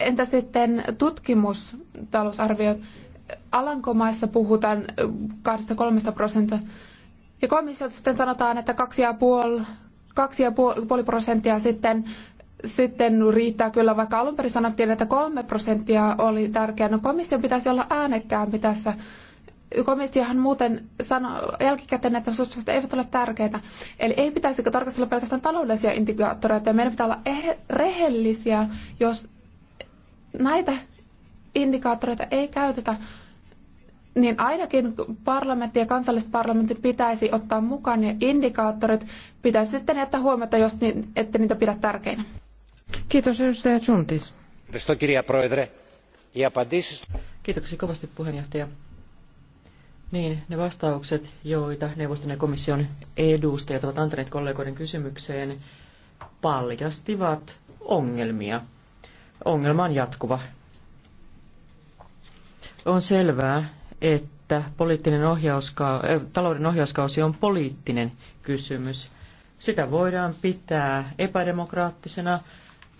Entä sitten tutkimus, talousarviot? Alankomaissa puhutaan 2-3 prosenttia. Ja komissiolta sitten sanotaan, että 2,5, 2,5 prosenttia sitten, sitten riittää kyllä, vaikka alun perin sanottiin, että 3 prosenttia oli tärkeää. No komission pitäisi olla äänekkäämpi tässä. Komissiohan muuten sanoi jälkikäteen, että suositukset eivät ole tärkeitä. Eli ei pitäisi tarkastella pelkästään taloudellisia indikaattoreita. Meidän pitää olla rehellisiä, jos näitä indikaattoreita ei käytetä, niin ainakin parlamentti ja kansalliset parlamentit pitäisi ottaa mukaan ja indikaattorit pitäisi sitten jättää huomiota, jos niin, ette niitä pidä tärkeinä. Kiitos edustaja Juntis. Kiitoksia kovasti puheenjohtaja. Niin, ne vastaukset, joita neuvoston ja komission edustajat ovat antaneet kollegoiden kysymykseen, paljastivat ongelmia ongelma on jatkuva. On selvää, että poliittinen ohjauska- talouden ohjauskausi on poliittinen kysymys. Sitä voidaan pitää epädemokraattisena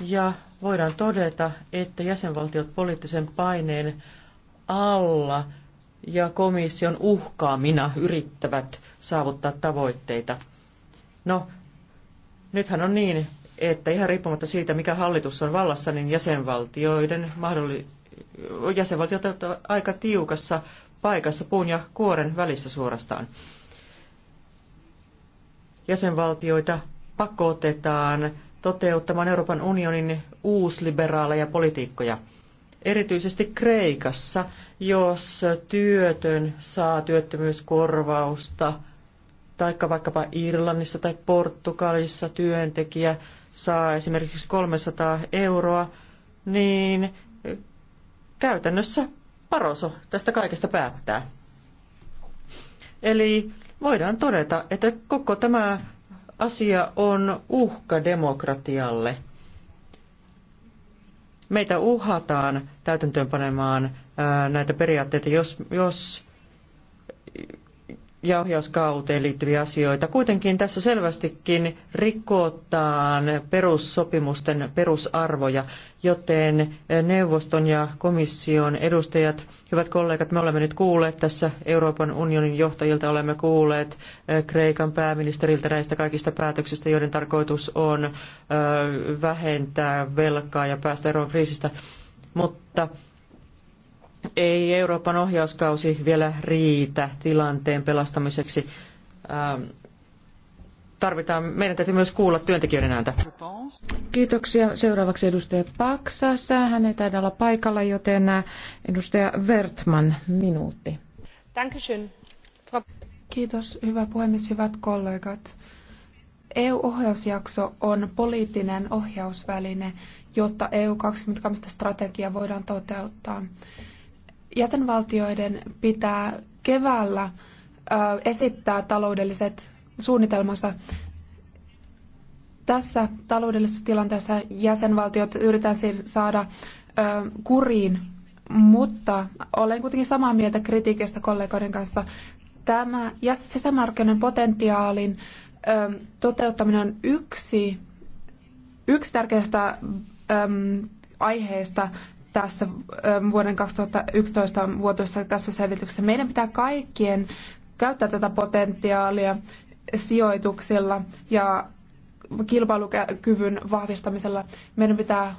ja voidaan todeta, että jäsenvaltiot poliittisen paineen alla ja komission uhkaamina yrittävät saavuttaa tavoitteita. No, nythän on niin että ihan riippumatta siitä, mikä hallitus on vallassa, niin jäsenvaltioiden mahdolli- jäsenvaltiot ovat aika tiukassa paikassa puun ja kuoren välissä suorastaan. Jäsenvaltioita pakotetaan toteuttamaan Euroopan unionin uusliberaaleja politiikkoja. Erityisesti Kreikassa, jos työtön saa työttömyyskorvausta, taikka vaikkapa Irlannissa tai Portugalissa työntekijä saa esimerkiksi 300 euroa, niin käytännössä Paroso tästä kaikesta päättää. Eli voidaan todeta, että koko tämä asia on uhka demokratialle. Meitä uhataan täytäntöönpanemaan näitä periaatteita, jos, jos ja ohjauskauteen liittyviä asioita. Kuitenkin tässä selvästikin rikotaan perussopimusten perusarvoja, joten neuvoston ja komission edustajat, hyvät kollegat, me olemme nyt kuulleet tässä Euroopan unionin johtajilta, olemme kuulleet eh, Kreikan pääministeriltä näistä kaikista päätöksistä, joiden tarkoitus on eh, vähentää velkaa ja päästä eroon kriisistä. Mutta ei Euroopan ohjauskausi vielä riitä tilanteen pelastamiseksi. Ähm, tarvitaan, meidän täytyy myös kuulla työntekijöiden ääntä. Kiitoksia. Seuraavaksi edustaja Paksa. Sähän ei taida olla paikalla, joten äh, edustaja Wertman, minuutti. Kiitos, hyvä puhemies, hyvät kollegat. EU-ohjausjakso on poliittinen ohjausväline, jotta EU 2020 strategia voidaan toteuttaa. Jäsenvaltioiden pitää keväällä esittää taloudelliset suunnitelmansa. Tässä taloudellisessa tilanteessa jäsenvaltiot yritetään saada kuriin, mutta olen kuitenkin samaa mieltä kritiikistä kollegoiden kanssa. Tämä ja sisämarkkinoiden potentiaalin toteuttaminen on yksi, yksi tärkeästä aiheesta tässä ähm, vuoden 2011 vuotuisessa kasvuselvityksessä. Meidän pitää kaikkien käyttää tätä potentiaalia sijoituksilla ja kilpailukyvyn vahvistamisella. Meidän pitää,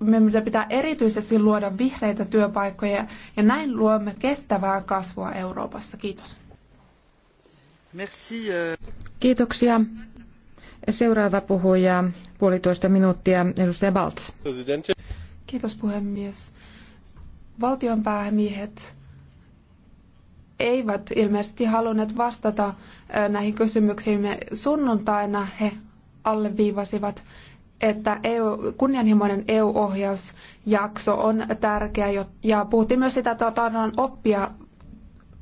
meidän pitää erityisesti luoda vihreitä työpaikkoja ja näin luomme kestävää kasvua Euroopassa. Kiitos. Merci. Äh. Kiitoksia. Seuraava puhuja puolitoista minuuttia, edustaja Baltz. Presidente. Kiitos puhemies. Valtionpäämiehet eivät ilmeisesti halunneet vastata näihin kysymyksiin. Sunnuntaina he alleviivasivat, että EU, kunnianhimoinen EU-ohjausjakso on tärkeä ja puhuttiin myös sitä, että otetaan oppia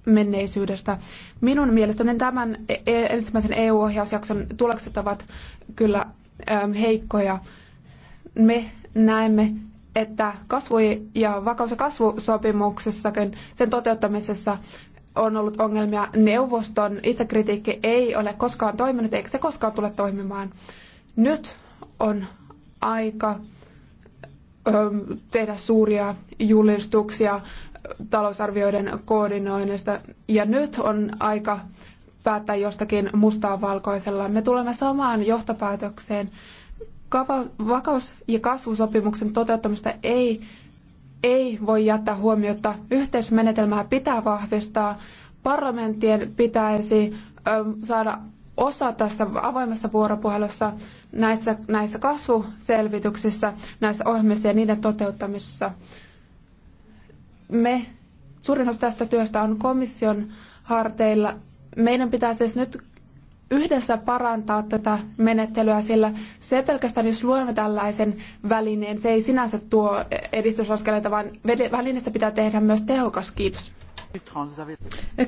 menneisyydestä. Minun mielestäni tämän e- e- ensimmäisen EU-ohjausjakson tulokset ovat kyllä heikkoja. Me näemme että kasvu- ja vakaus- ja kasvusopimuksessakin sen toteuttamisessa on ollut ongelmia. Neuvoston itsekritiikki ei ole koskaan toiminut, eikä se koskaan tule toimimaan. Nyt on aika tehdä suuria julistuksia talousarvioiden koordinoinnista. Ja nyt on aika päättää jostakin mustaa valkoisella. Me tulemme samaan johtopäätökseen. Vakaus- ja kasvusopimuksen toteuttamista ei, ei voi jättää huomiota. Yhteismenetelmää pitää vahvistaa. Parlamenttien pitäisi saada osa tässä avoimessa vuoropuhelussa näissä, näissä kasvuselvityksissä, näissä ohjelmissa ja niiden toteuttamisessa. Me, suurin osa tästä työstä on komission harteilla. Meidän pitää siis nyt yhdessä parantaa tätä menettelyä, sillä se pelkästään, jos luemme tällaisen välineen, se ei sinänsä tuo edistysaskeleita, vaan välineestä pitää tehdä myös tehokas. Kiitos.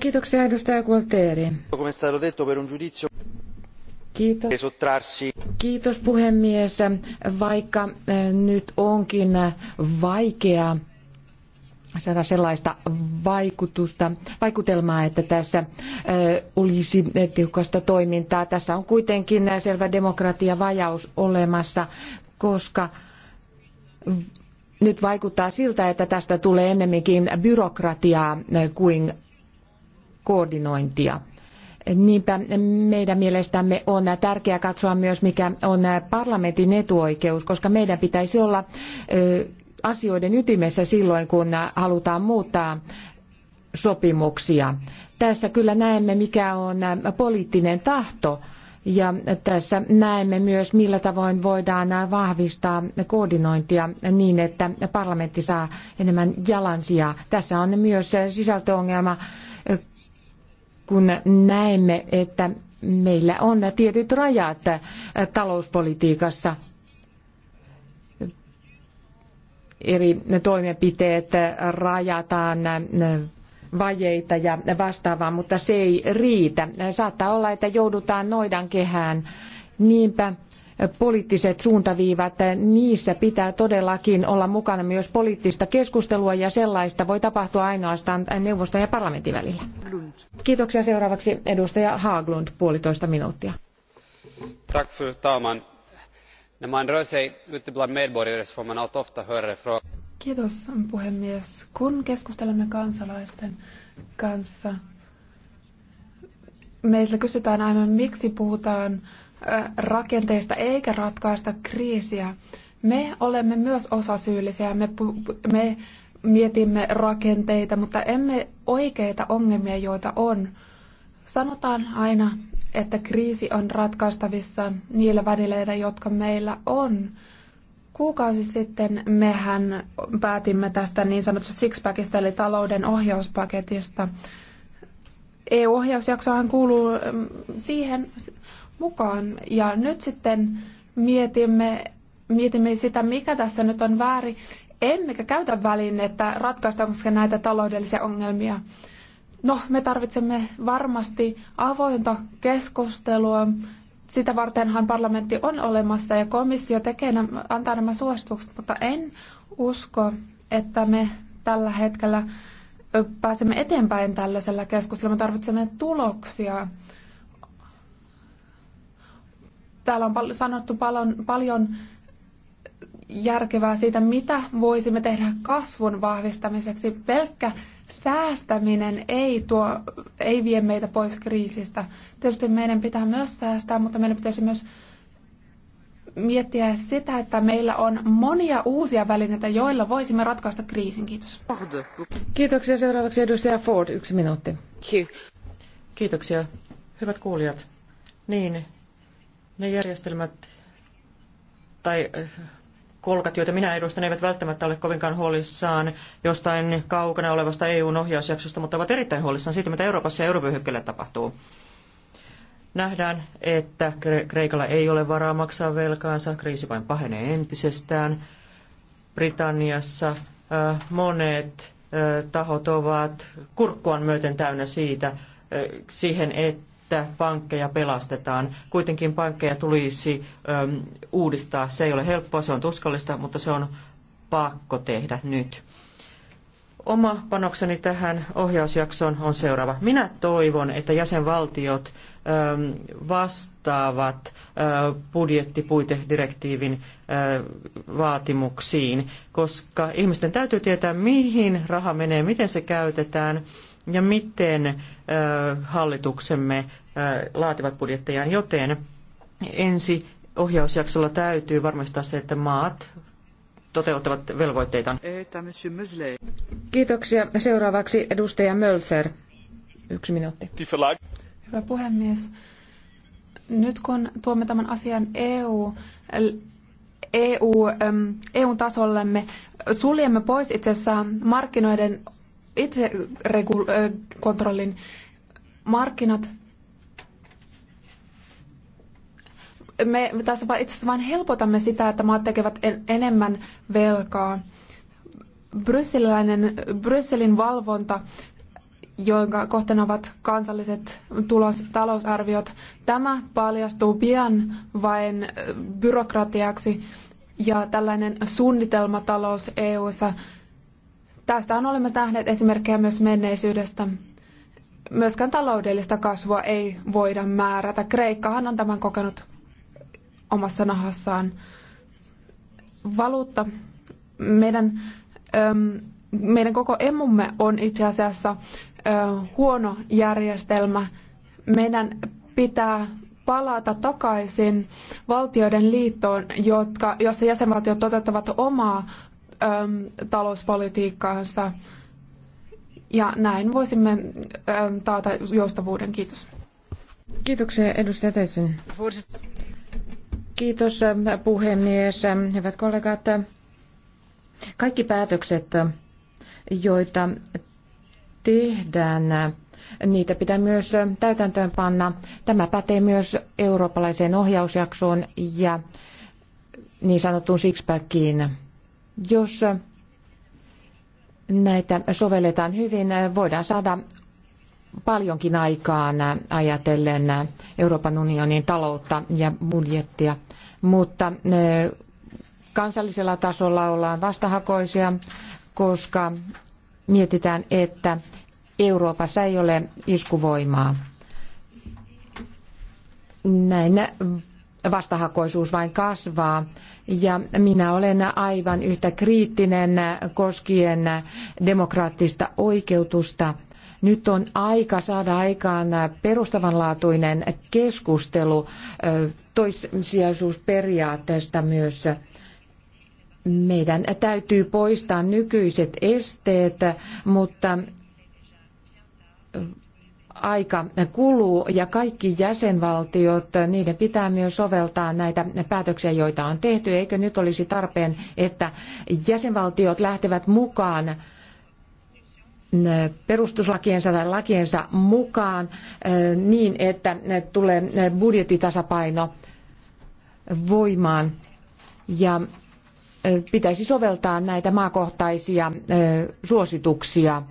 Kiitoksia edustaja Gualteri. Kiitos. Kiitos puhemies. Vaikka eh, nyt onkin eh, vaikea saada sellaista vaikutusta, vaikutelmaa, että tässä olisi tiukasta toimintaa. Tässä on kuitenkin selvä demokratiavajaus olemassa, koska nyt vaikuttaa siltä, että tästä tulee ennemminkin byrokratiaa kuin koordinointia. Niinpä meidän mielestämme on tärkeää katsoa myös, mikä on parlamentin etuoikeus, koska meidän pitäisi olla asioiden ytimessä silloin, kun halutaan muuttaa sopimuksia. Tässä kyllä näemme, mikä on poliittinen tahto ja tässä näemme myös, millä tavoin voidaan vahvistaa koordinointia niin, että parlamentti saa enemmän jalansijaa. Tässä on myös sisältöongelma, kun näemme, että meillä on tietyt rajat talouspolitiikassa eri toimenpiteet rajataan äh, vajeita ja vastaavaa, mutta se ei riitä. Saattaa olla, että joudutaan noidankehään. Niinpä poliittiset suuntaviivat, äh, niissä pitää todellakin olla mukana myös poliittista keskustelua ja sellaista voi tapahtua ainoastaan neuvoston ja parlamentin välillä. Kiitoksia seuraavaksi edustaja Haaglund puolitoista minuuttia. Tack för talman. När man rör sig ute bland medborgare så får man allt ofta höra Kiitos puhemies. Kun keskustelemme kansalaisten kanssa, meiltä kysytään aina, miksi puhutaan rakenteista eikä ratkaista kriisiä. Me olemme myös osasyyllisiä, me, me mietimme rakenteita, mutta emme oikeita ongelmia, joita on. Sanotaan aina, että kriisi on ratkaistavissa niillä välineillä, jotka meillä on. Kuukausi sitten mehän päätimme tästä niin sanotusta sixpackista eli talouden ohjauspaketista. EU-ohjausjaksohan kuuluu mm, siihen mukaan. Ja nyt sitten mietimme, mietimme sitä, mikä tässä nyt on väärin, emmekä käytä välinettä ratkaistakseen näitä taloudellisia ongelmia. No, me tarvitsemme varmasti avointa keskustelua. Sitä vartenhan parlamentti on olemassa ja komissio tekee, antaa nämä suositukset, mutta en usko, että me tällä hetkellä pääsemme eteenpäin tällaisella keskustelulla. Me tarvitsemme tuloksia. Täällä on sanottu paljon, paljon järkevää siitä, mitä voisimme tehdä kasvun vahvistamiseksi. Pelkkä säästäminen ei, tuo, ei vie meitä pois kriisistä. Tietysti meidän pitää myös säästää, mutta meidän pitäisi myös miettiä sitä, että meillä on monia uusia välineitä, joilla voisimme ratkaista kriisin. Kiitos. Kiitoksia. Seuraavaksi edustaja Ford. Yksi minuutti. Kiitoksia. Hyvät kuulijat. Niin, ne järjestelmät tai kolkat, joita minä edustan, eivät välttämättä ole kovinkaan huolissaan jostain kaukana olevasta EUn ohjausjaksosta, mutta ovat erittäin huolissaan siitä, mitä Euroopassa ja eurovyöhykkeellä tapahtuu. Nähdään, että Kreikalla ei ole varaa maksaa velkaansa, kriisi vain pahenee entisestään. Britanniassa äh, monet äh, tahot ovat kurkkuaan myöten täynnä siitä, äh, siihen, että että pankkeja pelastetaan. Kuitenkin pankkeja tulisi ö, ähm, uudistaa. Se ei ole helppoa, se on tuskallista, mutta se on pakko tehdä nyt. Oma panokseni tähän ohjausjaksoon on seuraava. Minä toivon, että jäsenvaltiot ö, ähm, vastaavat ö, äh, budjettipuitedirektiivin äh, vaatimuksiin, koska ihmisten täytyy tietää, mihin raha menee, miten se käytetään ja miten hallituksemme laativat budjettejaan, joten ensi ohjausjaksolla täytyy varmistaa se, että maat toteuttavat velvoitteitaan. Kiitoksia. Seuraavaksi edustaja Mölzer. Yksi minuutti. Hyvä puhemies. Nyt kun tuomme tämän asian EU, EU, eu tasollemme, suljemme pois itse asiassa markkinoiden itse kontrollin markkinat me tässä itse asiassa vain helpotamme sitä, että maat tekevät enemmän velkaa. Brysseliläinen, Brysselin valvonta, jonka kohteena ovat kansalliset tulos, talousarviot, tämä paljastuu pian vain byrokratiaksi ja tällainen suunnitelmatalous EU:ssa Tästä on olemme nähneet esimerkkejä myös menneisyydestä. Myöskään taloudellista kasvua ei voida määrätä. Kreikkahan on tämän kokenut omassa nahassaan. Valuutta, meidän, äm, meidän koko emumme on itse asiassa äh, huono järjestelmä. Meidän pitää palata takaisin valtioiden liittoon, jotka, jossa jäsenvaltiot toteuttavat omaa Ähm, talouspolitiikkaansa. Ja näin voisimme ähm, taata joustavuuden. Kiitos. Kiitoksia edustaja Kiitos ähm, puhemies. Hyvät kollegat, kaikki päätökset, joita tehdään, niitä pitää myös täytäntöönpanna. Tämä pätee myös eurooppalaiseen ohjausjaksoon ja niin sanottuun sixpackiin jos näitä sovelletaan hyvin, voidaan saada paljonkin aikaan ajatellen Euroopan unionin taloutta ja budjettia, mutta eh, kansallisella tasolla ollaan vastahakoisia, koska mietitään, että Euroopassa ei ole iskuvoimaa. Näin vastahakoisuus vain kasvaa ja minä olen aivan yhtä kriittinen koskien demokraattista oikeutusta. Nyt on aika saada aikaan perustavanlaatuinen keskustelu toissijaisuusperiaatteesta myös. Meidän täytyy poistaa nykyiset esteet, mutta aika kuluu ja kaikki jäsenvaltiot, niiden pitää myös soveltaa näitä päätöksiä, joita on tehty. Eikö nyt olisi tarpeen, että jäsenvaltiot lähtevät mukaan perustuslakiensa tai lakiensa mukaan eh, niin, että tulee budjettitasapaino voimaan ja eh, pitäisi soveltaa näitä maakohtaisia eh, suosituksia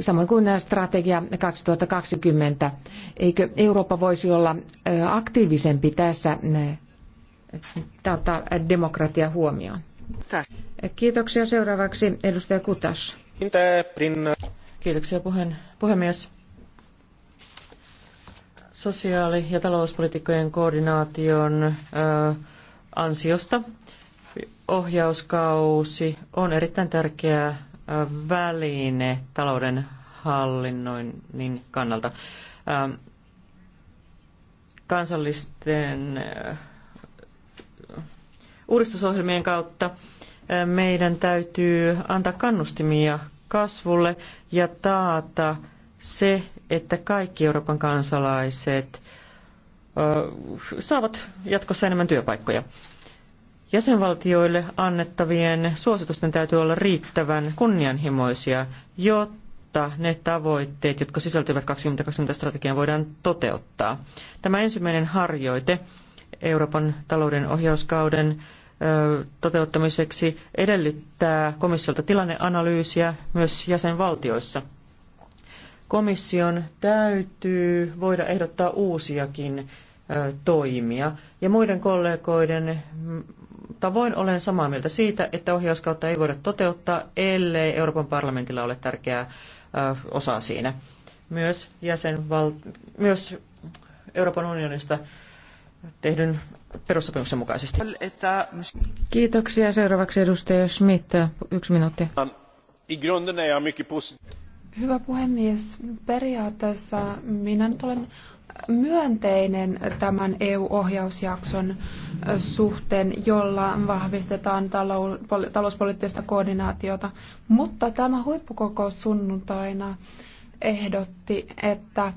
samoin kuin strategia 2020. Eikö Eurooppa voisi olla aktiivisempi tässä ottaa demokratia huomioon? Kiitoksia. Seuraavaksi edustaja Kutas. Kiitoksia puheen, puhemies. Sosiaali- ja talouspolitiikkojen koordinaation ansiosta ohjauskausi on erittäin tärkeää väline talouden hallinnoinnin kannalta. Ähm, kansallisten äh, uudistusohjelmien kautta äh, meidän täytyy antaa kannustimia kasvulle ja taata se, että kaikki Euroopan kansalaiset äh, saavat jatkossa enemmän työpaikkoja. Jäsenvaltioille annettavien suositusten täytyy olla riittävän kunnianhimoisia, jotta ne tavoitteet, jotka sisältyvät 2020-strategiaan, voidaan toteuttaa. Tämä ensimmäinen harjoite Euroopan talouden ohjauskauden toteuttamiseksi edellyttää komissiolta tilanneanalyysiä myös jäsenvaltioissa. Komission täytyy voida ehdottaa uusiakin toimia. Ja muiden kollegoiden tavoin olen samaa mieltä siitä, että ohjauskautta ei voida toteuttaa, ellei Euroopan parlamentilla ole tärkeää osaa siinä. Myös, jäsenval- myös Euroopan unionista tehdyn perussopimuksen mukaisesti. Kiitoksia. Seuraavaksi edustaja Schmidt. Yksi minuutti. Hyvä puhemies. Periaatteessa minä nyt olen myönteinen tämän EU-ohjausjakson suhteen, jolla vahvistetaan talouspoliittista koordinaatiota. Mutta tämä huippukokous sunnuntaina ehdotti, että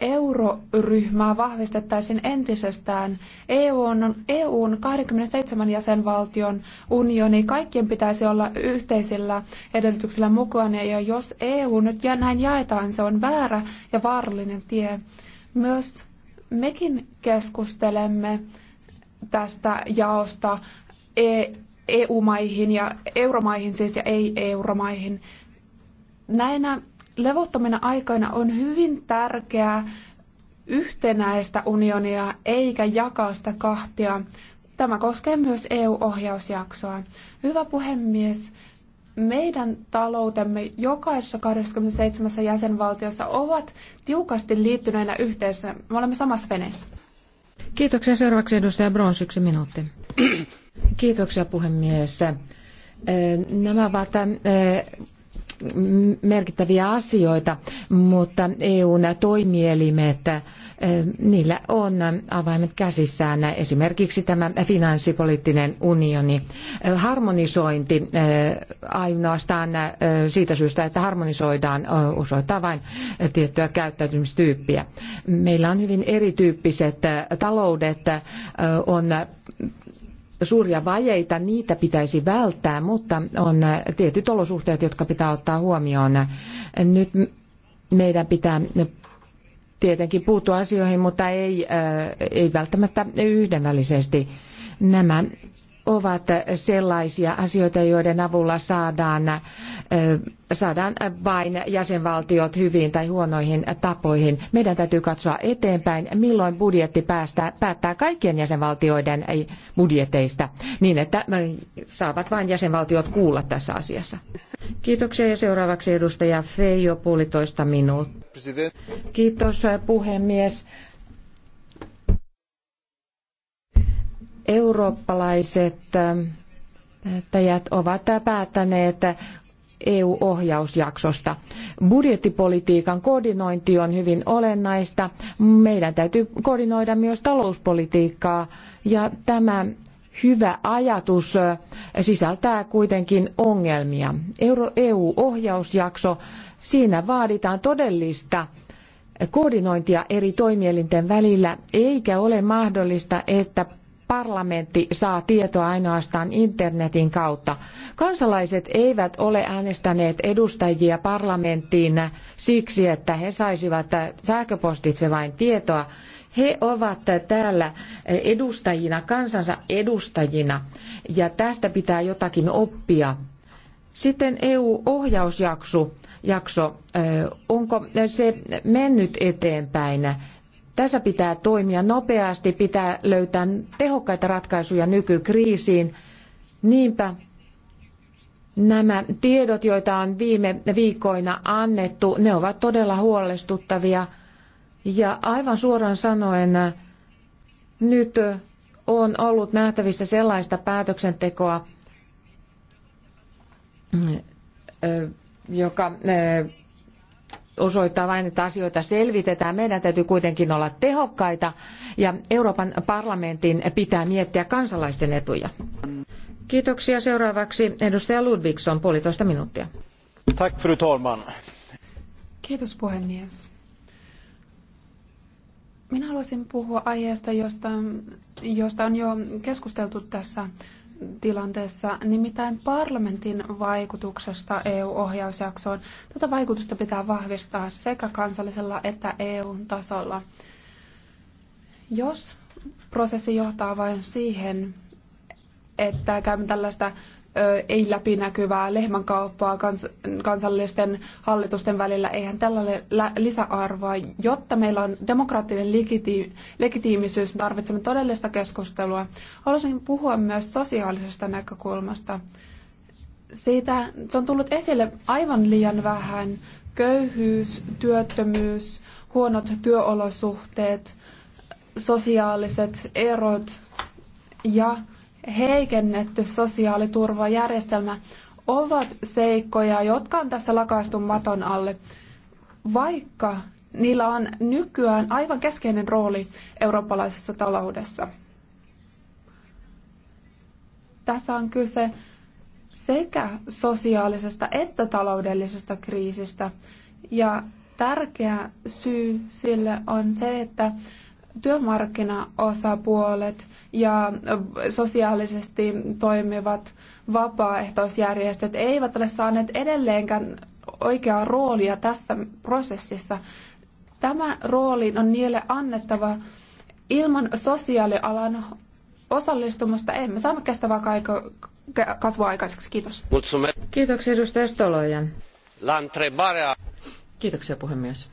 euroryhmää vahvistettaisiin entisestään. EU on, EUn 27 jäsenvaltion unioni. Kaikkien pitäisi olla yhteisillä edellytyksillä mukana ja jos EU nyt näin jaetaan, se on väärä ja vaarallinen tie. Myös mekin keskustelemme tästä jaosta e- EU-maihin ja euromaihin siis ja ei-euromaihin. Näinä levottomina aikoina on hyvin tärkeää yhtenäistä unionia eikä jakaa sitä kahtia. Tämä koskee myös EU-ohjausjaksoa. Hyvä puhemies, meidän taloutemme jokaisessa 27 jäsenvaltiossa ovat tiukasti liittyneinä yhteensä. Me olemme samassa veneessä. Kiitoksia. Seuraavaksi edustaja Brons, yksi minuutti. (clears throat) Kiitoksia puhemies. Nämä ovat merkittäviä asioita, mutta EUn toimielimet niillä on avaimet käsissään esimerkiksi tämä finanssipoliittinen unioni. Harmonisointi ainoastaan siitä syystä, että harmonisoidaan osoittaa vain tiettyä käyttäytymistyyppiä. Meillä on hyvin erityyppiset taloudet, on suuria vajeita, niitä pitäisi välttää, mutta on tietyt olosuhteet, jotka pitää ottaa huomioon. Nyt meidän pitää tietenkin puuttua asioihin, mutta ei, äh, ei välttämättä yhdenvälisesti. Nämä ovat sellaisia asioita, joiden avulla saadaan, saadaan vain jäsenvaltiot hyviin tai huonoihin tapoihin. Meidän täytyy katsoa eteenpäin, milloin budjetti päästää, päättää kaikkien jäsenvaltioiden budjeteista, niin että saavat vain jäsenvaltiot kuulla tässä asiassa. Kiitoksia ja seuraavaksi edustaja Feijo puolitoista minuuttia. Kiitos puhemies. eurooppalaiset eh, päättäjät ovat päättäneet EU-ohjausjaksosta. Budjettipolitiikan koordinointi on hyvin olennaista. Meidän täytyy koordinoida myös talouspolitiikkaa ja tämä hyvä ajatus eh, sisältää kuitenkin ongelmia. EU-ohjausjakso, siinä vaaditaan todellista koordinointia eri toimielinten välillä, eikä ole mahdollista, että parlamentti saa tietoa ainoastaan internetin kautta. Kansalaiset eivät ole äänestäneet edustajia parlamenttiin siksi, että he saisivat sähköpostitse vain tietoa. He ovat täällä edustajina, kansansa edustajina, ja tästä pitää jotakin oppia. Sitten EU-ohjausjakso, onko se mennyt eteenpäin? Tässä pitää toimia nopeasti, pitää löytää tehokkaita ratkaisuja nykykriisiin. Niinpä nämä tiedot, joita on viime viikkoina annettu, ne ovat todella huolestuttavia. Ja aivan suoraan sanoen, nyt on ollut nähtävissä sellaista päätöksentekoa, joka osoittaa vain, että asioita selvitetään. Meidän täytyy kuitenkin olla tehokkaita ja Euroopan parlamentin pitää miettiä kansalaisten etuja. Kiitoksia. Seuraavaksi edustaja Ludvigson puolitoista minuuttia. Tack, fru talman. Kiitos puhemies. Minä haluaisin puhua aiheesta, josta, josta on jo keskusteltu tässä tilanteessa, nimittäin parlamentin vaikutuksesta EU-ohjausjaksoon. Tätä vaikutusta pitää vahvistaa sekä kansallisella että EU-tasolla. Jos prosessi johtaa vain siihen, että käymme tällaista ei läpinäkyvää lehmänkauppaa kans, kansallisten hallitusten välillä. Eihän tällä lisäarvoa. Jotta meillä on demokraattinen legiti, legitiimisyys, tarvitsemme todellista keskustelua. Haluaisin puhua myös sosiaalisesta näkökulmasta. Siitä se on tullut esille aivan liian vähän. Köyhyys, työttömyys, huonot työolosuhteet, sosiaaliset erot ja heikennetty sosiaaliturvajärjestelmä ovat seikkoja, jotka on tässä lakaistun maton alle, vaikka niillä on nykyään aivan keskeinen rooli eurooppalaisessa taloudessa. Tässä on kyse sekä sosiaalisesta että taloudellisesta kriisistä. Ja tärkeä syy sille on se, että työmarkkinaosapuolet ja sosiaalisesti toimivat vapaaehtoisjärjestöt eivät ole saaneet edelleenkään oikeaa roolia tässä prosessissa. Tämä rooli on niille annettava ilman sosiaalialan osallistumista emme saa kestävää kasvua aikaiseksi. Kiitos. Kiitoksia edustaja Stolojan. Kiitoksia puhemies.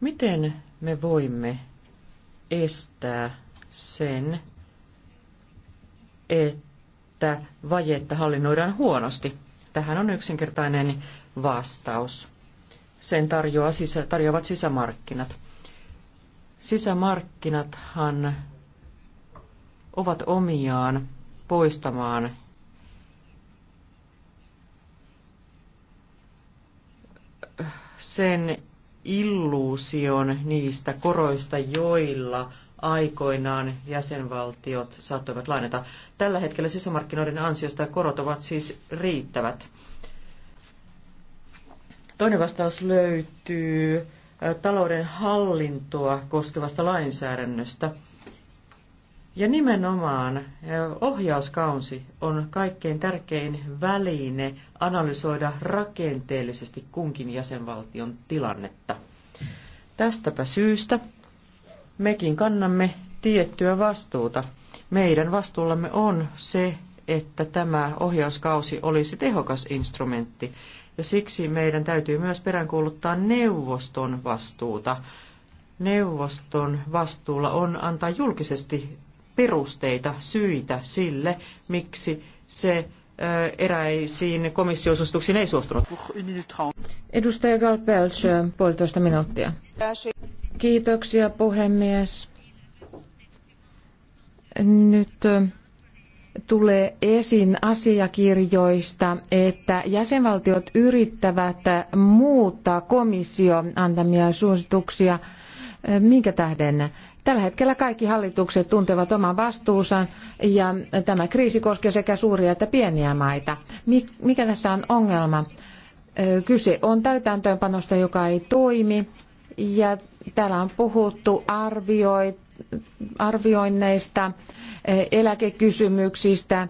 Miten me voimme estää sen, että vajetta hallinnoidaan huonosti? Tähän on yksinkertainen vastaus. Sen tarjoaa sisä, tarjoavat sisämarkkinat. Sisämarkkinathan ovat omiaan poistamaan sen illuusion niistä koroista, joilla aikoinaan jäsenvaltiot saattoivat lainata. Tällä hetkellä sisämarkkinoiden ansiosta korot ovat siis riittävät. Toinen vastaus löytyy talouden hallintoa koskevasta lainsäädännöstä. Ja nimenomaan ohjauskausi on kaikkein tärkein väline analysoida rakenteellisesti kunkin jäsenvaltion tilannetta. Tästäpä syystä mekin kannamme tiettyä vastuuta. Meidän vastuullamme on se, että tämä ohjauskausi olisi tehokas instrumentti, ja siksi meidän täytyy myös peräänkuuluttaa neuvoston vastuuta. Neuvoston vastuulla on antaa julkisesti perusteita, syitä sille, miksi se Äh, eräisiin komissiosuosituksiin ei suostunut. Edustaja Galpelch, puolitoista minuuttia. Kiitoksia puhemies. Nyt äh, tulee esiin asiakirjoista, että jäsenvaltiot yrittävät muuttaa komission antamia suosituksia. Äh, minkä tähden? Tällä hetkellä kaikki hallitukset tuntevat oman vastuunsa ja tämä kriisi koskee sekä suuria että pieniä maita. Mikä tässä on ongelma? Kyse on täytäntöönpanosta, joka ei toimi ja täällä on puhuttu arvioit, arvioinneista, eläkekysymyksistä,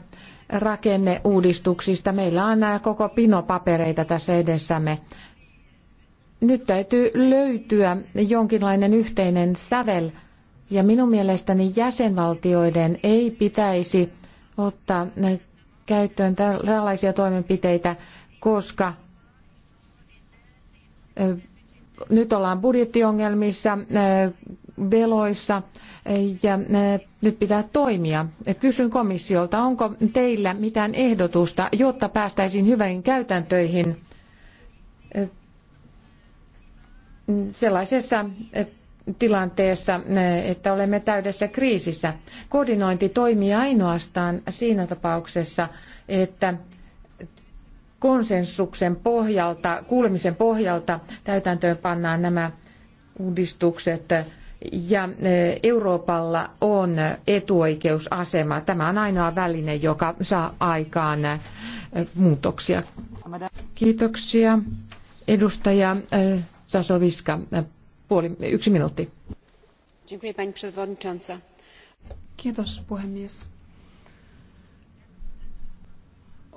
rakenneuudistuksista. Meillä on nämä koko pino papereita tässä edessämme. Nyt täytyy löytyä jonkinlainen yhteinen sävel ja minun mielestäni jäsenvaltioiden ei pitäisi ottaa käyttöön tällaisia toimenpiteitä, koska nyt ollaan budjettiongelmissa, veloissa ja nyt pitää toimia. Kysyn komissiolta, onko teillä mitään ehdotusta, jotta päästäisiin hyviin käytäntöihin sellaisessa tilanteessa, että olemme täydessä kriisissä. Koordinointi toimii ainoastaan siinä tapauksessa, että konsensuksen pohjalta, kuulemisen pohjalta täytäntöön pannaan nämä uudistukset ja e, Euroopalla on etuoikeusasema. Tämä on ainoa väline, joka saa aikaan e, muutoksia. Kiitoksia. Edustaja e, Sasoviska, puoli, yksi minuutti. Kiitos puhemies.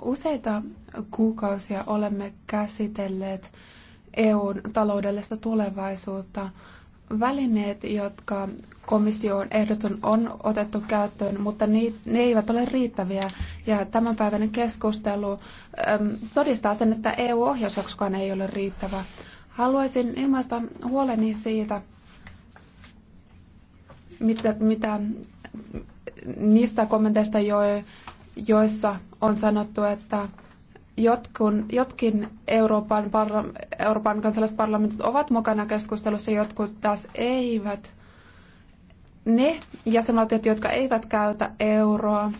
Useita kuukausia olemme käsitelleet EUn taloudellista tulevaisuutta. Välineet, jotka komissio on ehdoton, on otettu käyttöön, mutta ne eivät ole riittäviä. Ja tämänpäiväinen keskustelu todistaa sen, että EU-ohjausjaksokaan ei ole riittävä. Haluaisin ilmaista huoleni siitä, mitä, mitä niistä kommenteista, jo, joissa on sanottu, että jotkun, jotkin Euroopan, parla, Euroopan kansalaisparlamentit ovat mukana keskustelussa, jotkut taas eivät. Ne jäsenvaltiot, jotka eivät käytä euroa,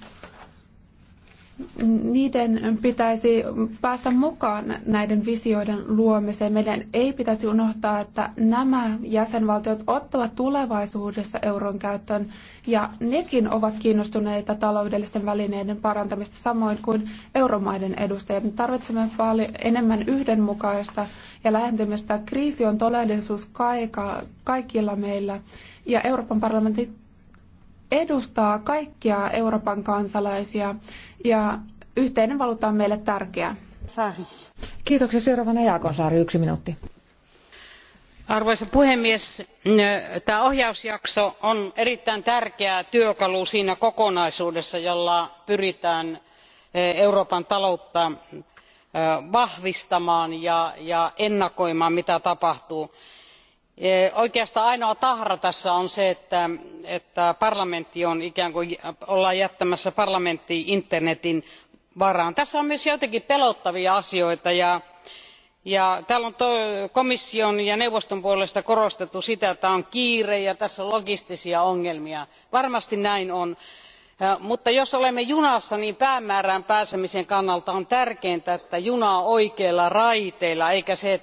niiden pitäisi päästä mukaan näiden visioiden luomiseen. Meidän ei pitäisi unohtaa, että nämä jäsenvaltiot ottavat tulevaisuudessa euron käyttöön ja nekin ovat kiinnostuneita taloudellisten välineiden parantamista samoin kuin euromaiden edustajat. Me tarvitsemme paljon enemmän yhdenmukaista ja lähentymistä. Kriisi on todellisuus kaikilla meillä ja Euroopan parlamentin edustaa kaikkia Euroopan kansalaisia ja yhteinen valuutta on meille tärkeä. Kiitoksia. Seuraavana Jaakonsaari, yksi minuutti. Arvoisa puhemies, tämä ohjausjakso on erittäin tärkeä työkalu siinä kokonaisuudessa, jolla pyritään eh, Euroopan taloutta eh, vahvistamaan ja ennakoimaan, mitä tapahtuu Eh, oikeastaan ainoa tahra tässä on se että parlamentti on ikään kuin jättämässä parlamentti internetin varaan. tässä on myös joitakin pelottavia asioita ja täällä on komission ja neuvoston puolesta korostettu sitä että on kiire ja tässä on logistisia ongelmia. varmasti näin on mutta jos olemme junassa niin päämäärään pääsemisen kannalta on tärkeintä että juna on oikeilla raiteilla eikä se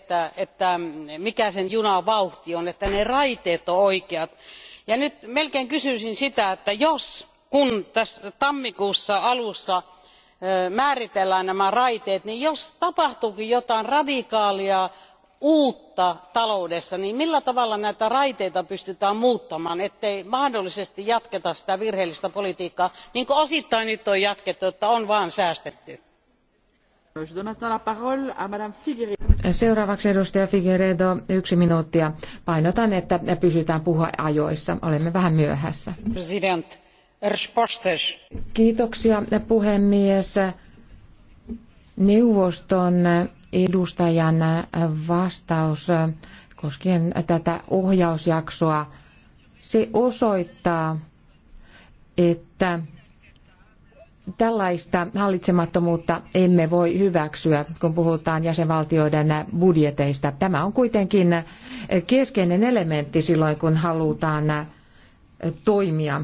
mikä sen junan vauhti on että ne raiteet ovat oikeat. nyt melkein kysyisin sitä että jos kun tammikuun alussa määritellään nämä raiteet niin jos tapahtuukin jotain radikaalia uutta taloudessa niin millä tavalla näitä raiteita pystytään muuttamaan ettei mahdollisesti jatketa sitä virheellistä politiikkaa niin kuin osittain nyt on jatkettu että on vain säästetty? Seuraavaksi edustaja Figueredo, yksi minuuttia. Painotan, että pysytään puhua ajoissa. Olemme vähän myöhässä. President, respostas. Kiitoksia puhemies. Neuvoston edustajan vastaus koskien tätä ohjausjaksoa. Se osoittaa, että tällaista hallitsemattomuutta emme voi hyväksyä, kun puhutaan jäsenvaltioiden budjeteista. Tämä on kuitenkin keskeinen elementti silloin, kun halutaan toimia.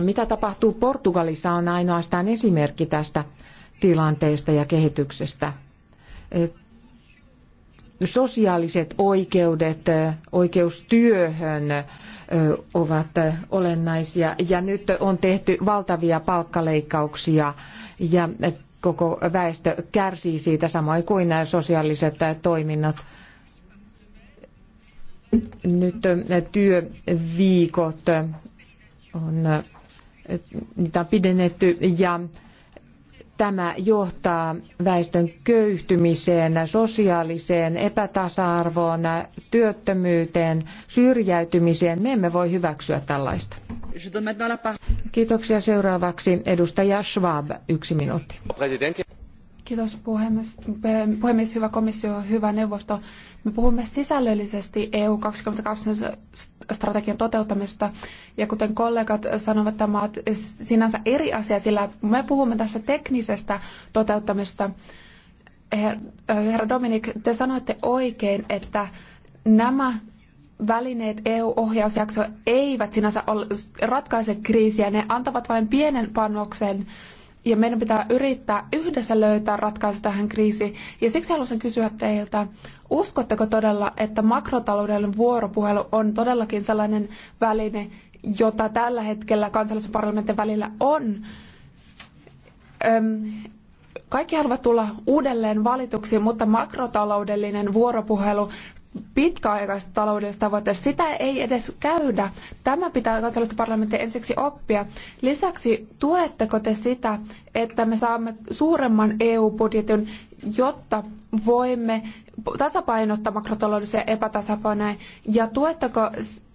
Mitä tapahtuu Portugalissa on ainoastaan esimerkki tästä tilanteesta ja kehityksestä sosiaaliset oikeudet, oikeus työhön ovat olennaisia. Ja nyt on tehty valtavia palkkaleikkauksia ja koko väestö kärsii siitä, samoin kuin nämä sosiaaliset toiminnot. Nyt työviikot on, niitä on pidennetty ja Tämä johtaa väestön köyhtymiseen, sosiaaliseen epätasa-arvoon, työttömyyteen, syrjäytymiseen. Me emme voi hyväksyä tällaista. Kiitoksia seuraavaksi edustaja Schwab, yksi minuutti. Kiitos puhemies, puhemies, hyvä komissio, hyvä neuvosto. Me puhumme sisällöllisesti EU 2020 strategian toteuttamista ja kuten kollegat sanovat, tämä on sinänsä eri asia, sillä me puhumme tässä teknisestä toteuttamista. Herra Dominik, te sanoitte oikein, että nämä välineet EU-ohjausjakso eivät sinänsä ratkaise kriisiä, ne antavat vain pienen panoksen ja meidän pitää yrittää yhdessä löytää ratkaisu tähän kriisiin. Ja siksi haluaisin kysyä teiltä, uskotteko todella, että makrotaloudellinen vuoropuhelu on todellakin sellainen väline, jota tällä hetkellä kansallisen parlamentin välillä on? Öm, kaikki haluavat tulla uudelleen valituksi, mutta makrotaloudellinen vuoropuhelu, pitkäaikaista taloudellista tavoitteista. Sitä ei edes käydä. Tämä pitää kansallista parlamenttia ensiksi oppia. Lisäksi tuetteko te sitä, että me saamme suuremman EU-budjetin, jotta voimme tasapainottaa makrotaloudellisia epätasapainoja ja tuetteko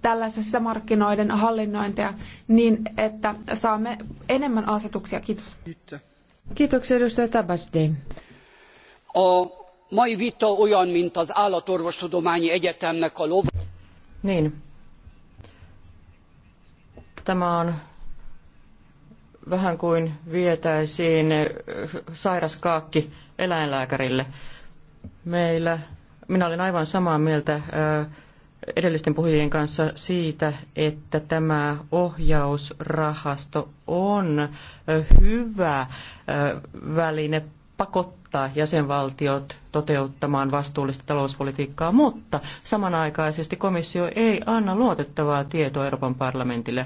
tällaista sisämarkkinoiden hallinnointia niin, että saamme enemmän asetuksia. Kiitos. Kiitoksia edustaja Tabasdi. O mai vita olyan, mint az Állatorvostudományi Egyetemnek a lova. Niin. Tämä on vähän kuin vietäisiin eh, sairas kaakki eläinlääkärille. Meillä, minä olen aivan samaa mieltä eh, edellisten puhujien kanssa siitä, että tämä ohjausrahasto on eh, hyvä väline pakottaa jäsenvaltiot toteuttamaan vastuullista talouspolitiikkaa, mutta samanaikaisesti komissio ei anna luotettavaa tietoa Euroopan parlamentille.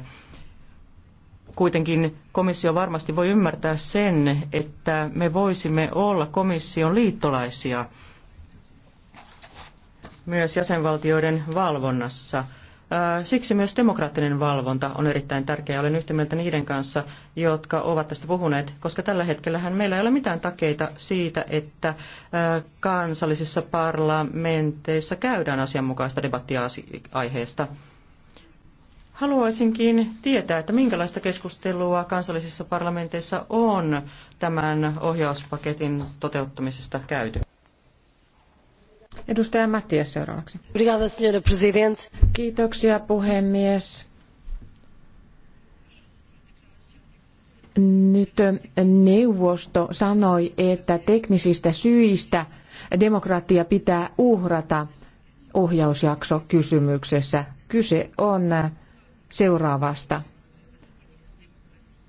Kuitenkin komissio varmasti voi ymmärtää sen, että me voisimme olla komission liittolaisia myös jäsenvaltioiden valvonnassa – Siksi myös demokraattinen valvonta on erittäin tärkeää. Olen yhtä mieltä niiden kanssa, jotka ovat tästä puhuneet, koska tällä hetkellähän meillä ei ole mitään takeita siitä, että kansallisissa parlamenteissa käydään asianmukaista debattia aiheesta. Haluaisinkin tietää, että minkälaista keskustelua kansallisissa parlamenteissa on tämän ohjauspaketin toteuttamisesta käyty. Edustaja Mattias seuraavaksi. Kiitoksia puhemies. Nyt neuvosto sanoi, että teknisistä syistä demokratia pitää uhrata ohjausjakso kysymyksessä. Kyse on seuraavasta.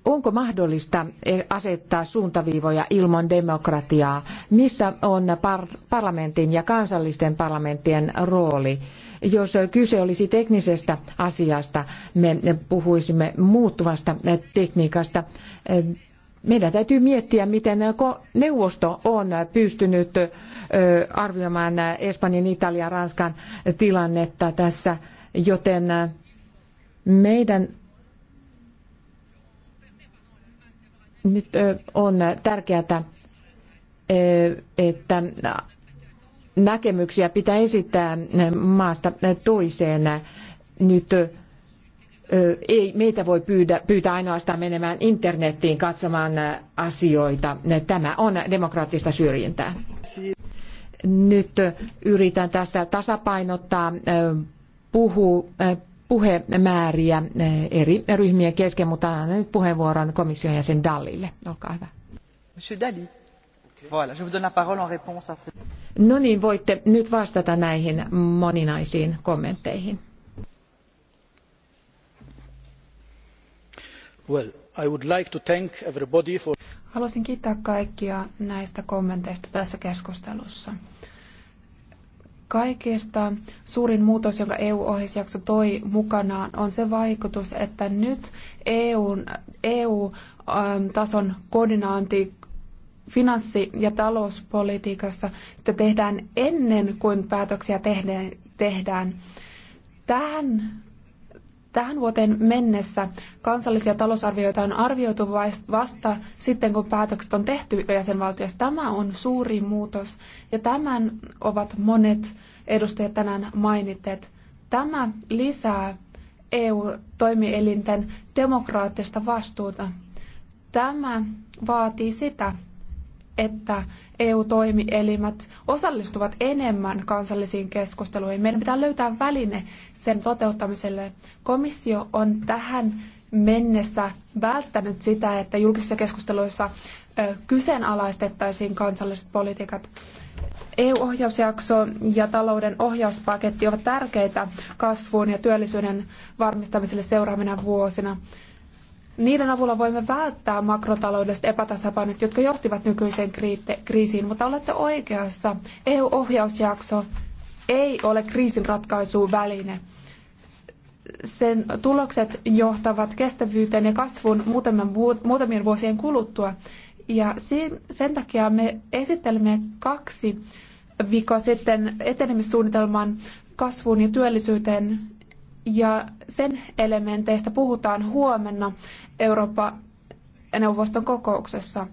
Onko mahdollista e, asettaa suuntaviivoja ilman demokratiaa? Missä on parlamentin ja kansallisten parlamenttien rooli? Jos kyse olisi teknisestä asiasta, me puhuisimme muuttuvasta e, tekniikasta. E, meidän täytyy miettiä, miten neuvosto on pystynyt arvioimaan Espanjan, Italian, Ranskan tilannetta tässä, joten meidän Nyt on tärkeää, että näkemyksiä pitää esittää maasta toiseen. Nyt ei meitä voi pyydä, pyytää ainoastaan menemään internettiin katsomaan asioita. Tämä on demokraattista syrjintää. Nyt yritän tässä tasapainottaa puhu, puhemääriä eh, eri ryhmien kesken, mutta annan nyt puheenvuoron komission jäsen Dallille. Olkaa hyvä. Monsieur Dalli. Voilà, je vous donne la parole en réponse à ce... No niin, voitte nyt vastata näihin moninaisiin kommentteihin. Well, I would like to thank everybody for... Haluaisin kiittää kaikkia näistä kommenteista tässä keskustelussa. Kaikista suurin muutos, jonka EU-ohjausjakso toi mukanaan, on se vaikutus, että nyt EUn, EU-tason ähm, koordinaanti finanssi- ja talouspolitiikassa sitä tehdään ennen kuin päätöksiä tehdään. Tähän Tähän vuoteen mennessä kansallisia talousarvioita on arvioitu vasta sitten, kun päätökset on tehty jäsenvaltiossa. Tämä on suuri muutos ja tämän ovat monet edustajat tänään mainitteet. Tämä lisää EU-toimielinten demokraattista vastuuta. Tämä vaatii sitä, että EU-toimielimet osallistuvat enemmän kansallisiin keskusteluihin. Meidän pitää löytää väline sen toteuttamiselle. Komissio on tähän mennessä välttänyt sitä, että julkisissa keskusteluissa kyseenalaistettaisiin kansalliset politiikat. EU-ohjausjakso ja talouden ohjauspaketti ovat tärkeitä kasvun ja työllisyyden varmistamiselle seuraavina vuosina. Niiden avulla voimme välttää makrotaloudelliset epätasapainot, jotka johtivat nykyiseen kriisiin, mutta olette oikeassa. EU-ohjausjakso ei ole kriisin väline. Sen tulokset johtavat kestävyyteen ja kasvuun muutamien vuosien kuluttua. Ja sen takia me esittelemme kaksi viikkoa sitten etenemissuunnitelman kasvuun ja työllisyyteen ja sen elementeistä puhutaan huomenna Eurooppa-neuvoston kokouksessa.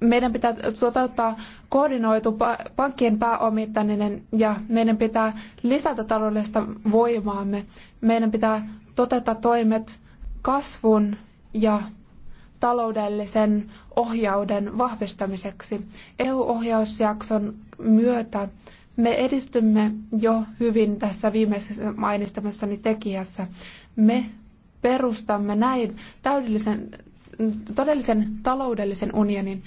Meidän pitää toteuttaa koordinoitu pankkien pääomittaminen ja meidän pitää lisätä taloudellista voimaamme. Meidän pitää toteuttaa toimet kasvun ja taloudellisen ohjauden vahvistamiseksi. EU-ohjausjakson myötä me edistymme jo hyvin tässä viimeisessä mainistamassani tekijässä. Me perustamme näin täydellisen, todellisen taloudellisen unionin.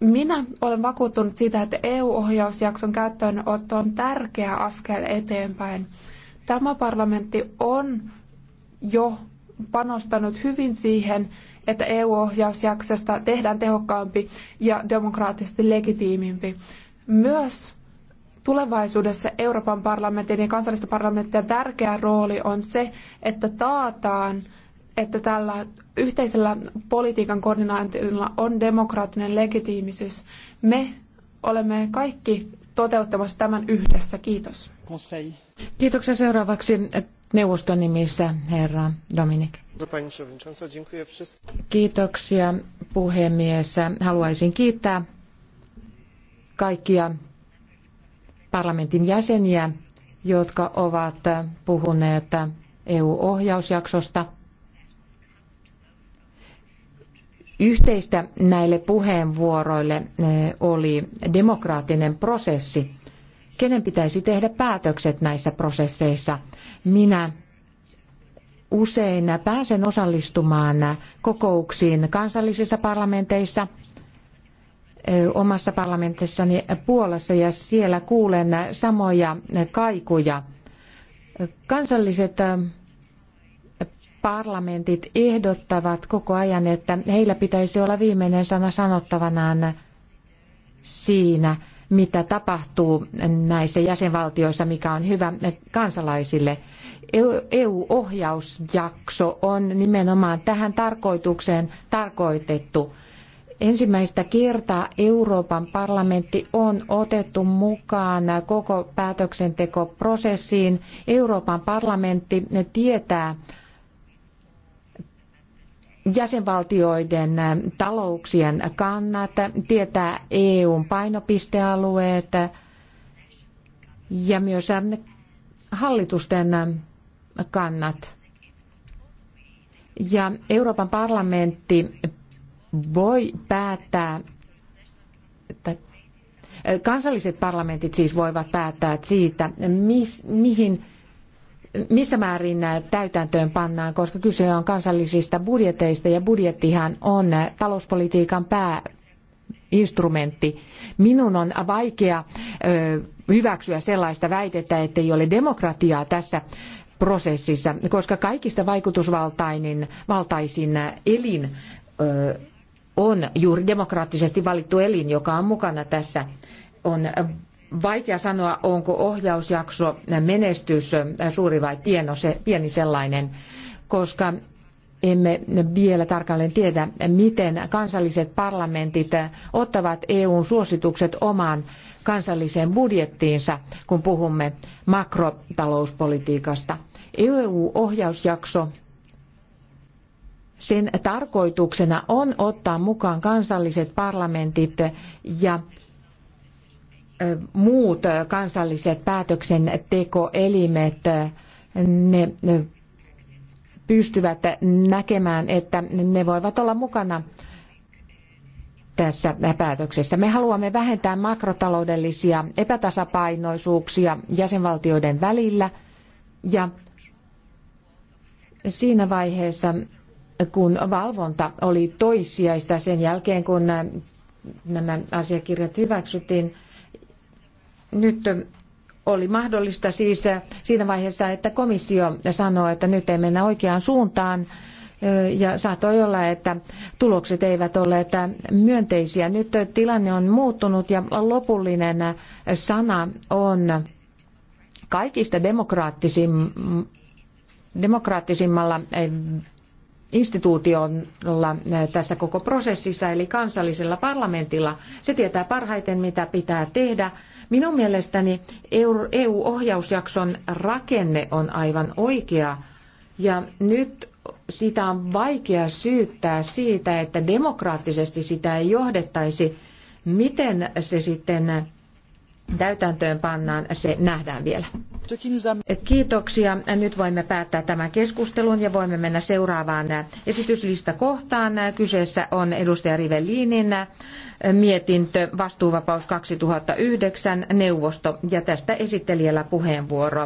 Minä olen vakuuttunut siitä, että EU-ohjausjakson käyttöönotto on tärkeä askel eteenpäin. Tämä parlamentti on jo panostanut hyvin siihen, että EU-ohjausjaksosta tehdään tehokkaampi ja demokraattisesti legitiimimpi. Myös tulevaisuudessa Euroopan parlamentin ja kansallisten parlamenttien tärkeä rooli on se, että taataan, että tällä yhteisellä politiikan koordinaatilla on demokraattinen legitiimisyys. Me olemme kaikki toteuttamassa tämän yhdessä. Kiitos. Kiitoksia seuraavaksi neuvoston nimissä herra Dominik. Kiitoksia puhemies. Haluaisin kiittää kaikkia parlamentin jäseniä, jotka ovat puhuneet EU-ohjausjaksosta. Yhteistä näille puheenvuoroille eh, oli demokraattinen prosessi. Kenen pitäisi tehdä päätökset näissä prosesseissa? Minä usein pääsen osallistumaan kokouksiin kansallisissa parlamenteissa – omassa parlamentissani Puolassa ja siellä kuulen samoja kaikuja. Kansalliset parlamentit ehdottavat koko ajan, että heillä pitäisi olla viimeinen sana sanottavanaan siinä, mitä tapahtuu näissä jäsenvaltioissa, mikä on hyvä kansalaisille. EU-ohjausjakso on nimenomaan tähän tarkoitukseen tarkoitettu Ensimmäistä kertaa Euroopan parlamentti on otettu mukaan koko päätöksentekoprosessiin. Euroopan parlamentti tietää jäsenvaltioiden talouksien kannat, tietää EUn painopistealueet ja myös hallitusten kannat. Ja Euroopan parlamentti voi päättää, että kansalliset parlamentit siis voivat päättää siitä, mihin missä määrin täytäntöön pannaan, koska kyse on kansallisista budjeteista ja budjettihan on talouspolitiikan pääinstrumentti. Minun on vaikea hyväksyä sellaista väitettä, ettei ole demokratiaa tässä prosessissa, koska kaikista vaikutusvaltaisin elin on juuri demokraattisesti valittu elin, joka on mukana tässä. On vaikea sanoa, onko ohjausjakso menestys suuri vai pieno, se, pieni sellainen, koska emme vielä tarkalleen tiedä, miten kansalliset parlamentit ottavat EUn suositukset omaan kansalliseen budjettiinsa, kun puhumme makrotalouspolitiikasta. EU-ohjausjakso sen tarkoituksena on ottaa mukaan kansalliset parlamentit ja muut kansalliset päätöksentekoelimet. Ne pystyvät näkemään, että ne voivat olla mukana tässä päätöksessä. Me haluamme vähentää makrotaloudellisia epätasapainoisuuksia jäsenvaltioiden välillä ja siinä vaiheessa kun valvonta oli toissijaista sen jälkeen, kun nämä asiakirjat hyväksyttiin. Nyt oli mahdollista siis siinä vaiheessa, että komissio sanoi, että nyt ei mennä oikeaan suuntaan ja saattoi olla, että tulokset eivät olleet myönteisiä. Nyt tilanne on muuttunut ja lopullinen sana on kaikista demokraattisimmalla instituutiolla eh, tässä koko prosessissa, eli kansallisella parlamentilla. Se tietää parhaiten, mitä pitää tehdä. Minun mielestäni EU-ohjausjakson rakenne on aivan oikea, ja nyt sitä on vaikea syyttää siitä, että demokraattisesti sitä ei johdettaisi. Miten se sitten täytäntöön pannaan, se nähdään vielä. Kiitoksia. Nyt voimme päättää tämän keskustelun ja voimme mennä seuraavaan esityslistakohtaan. Kyseessä on edustaja Rivellinin mietintö Vastuuvapaus 2009 neuvosto ja tästä esittelijällä puheenvuoro.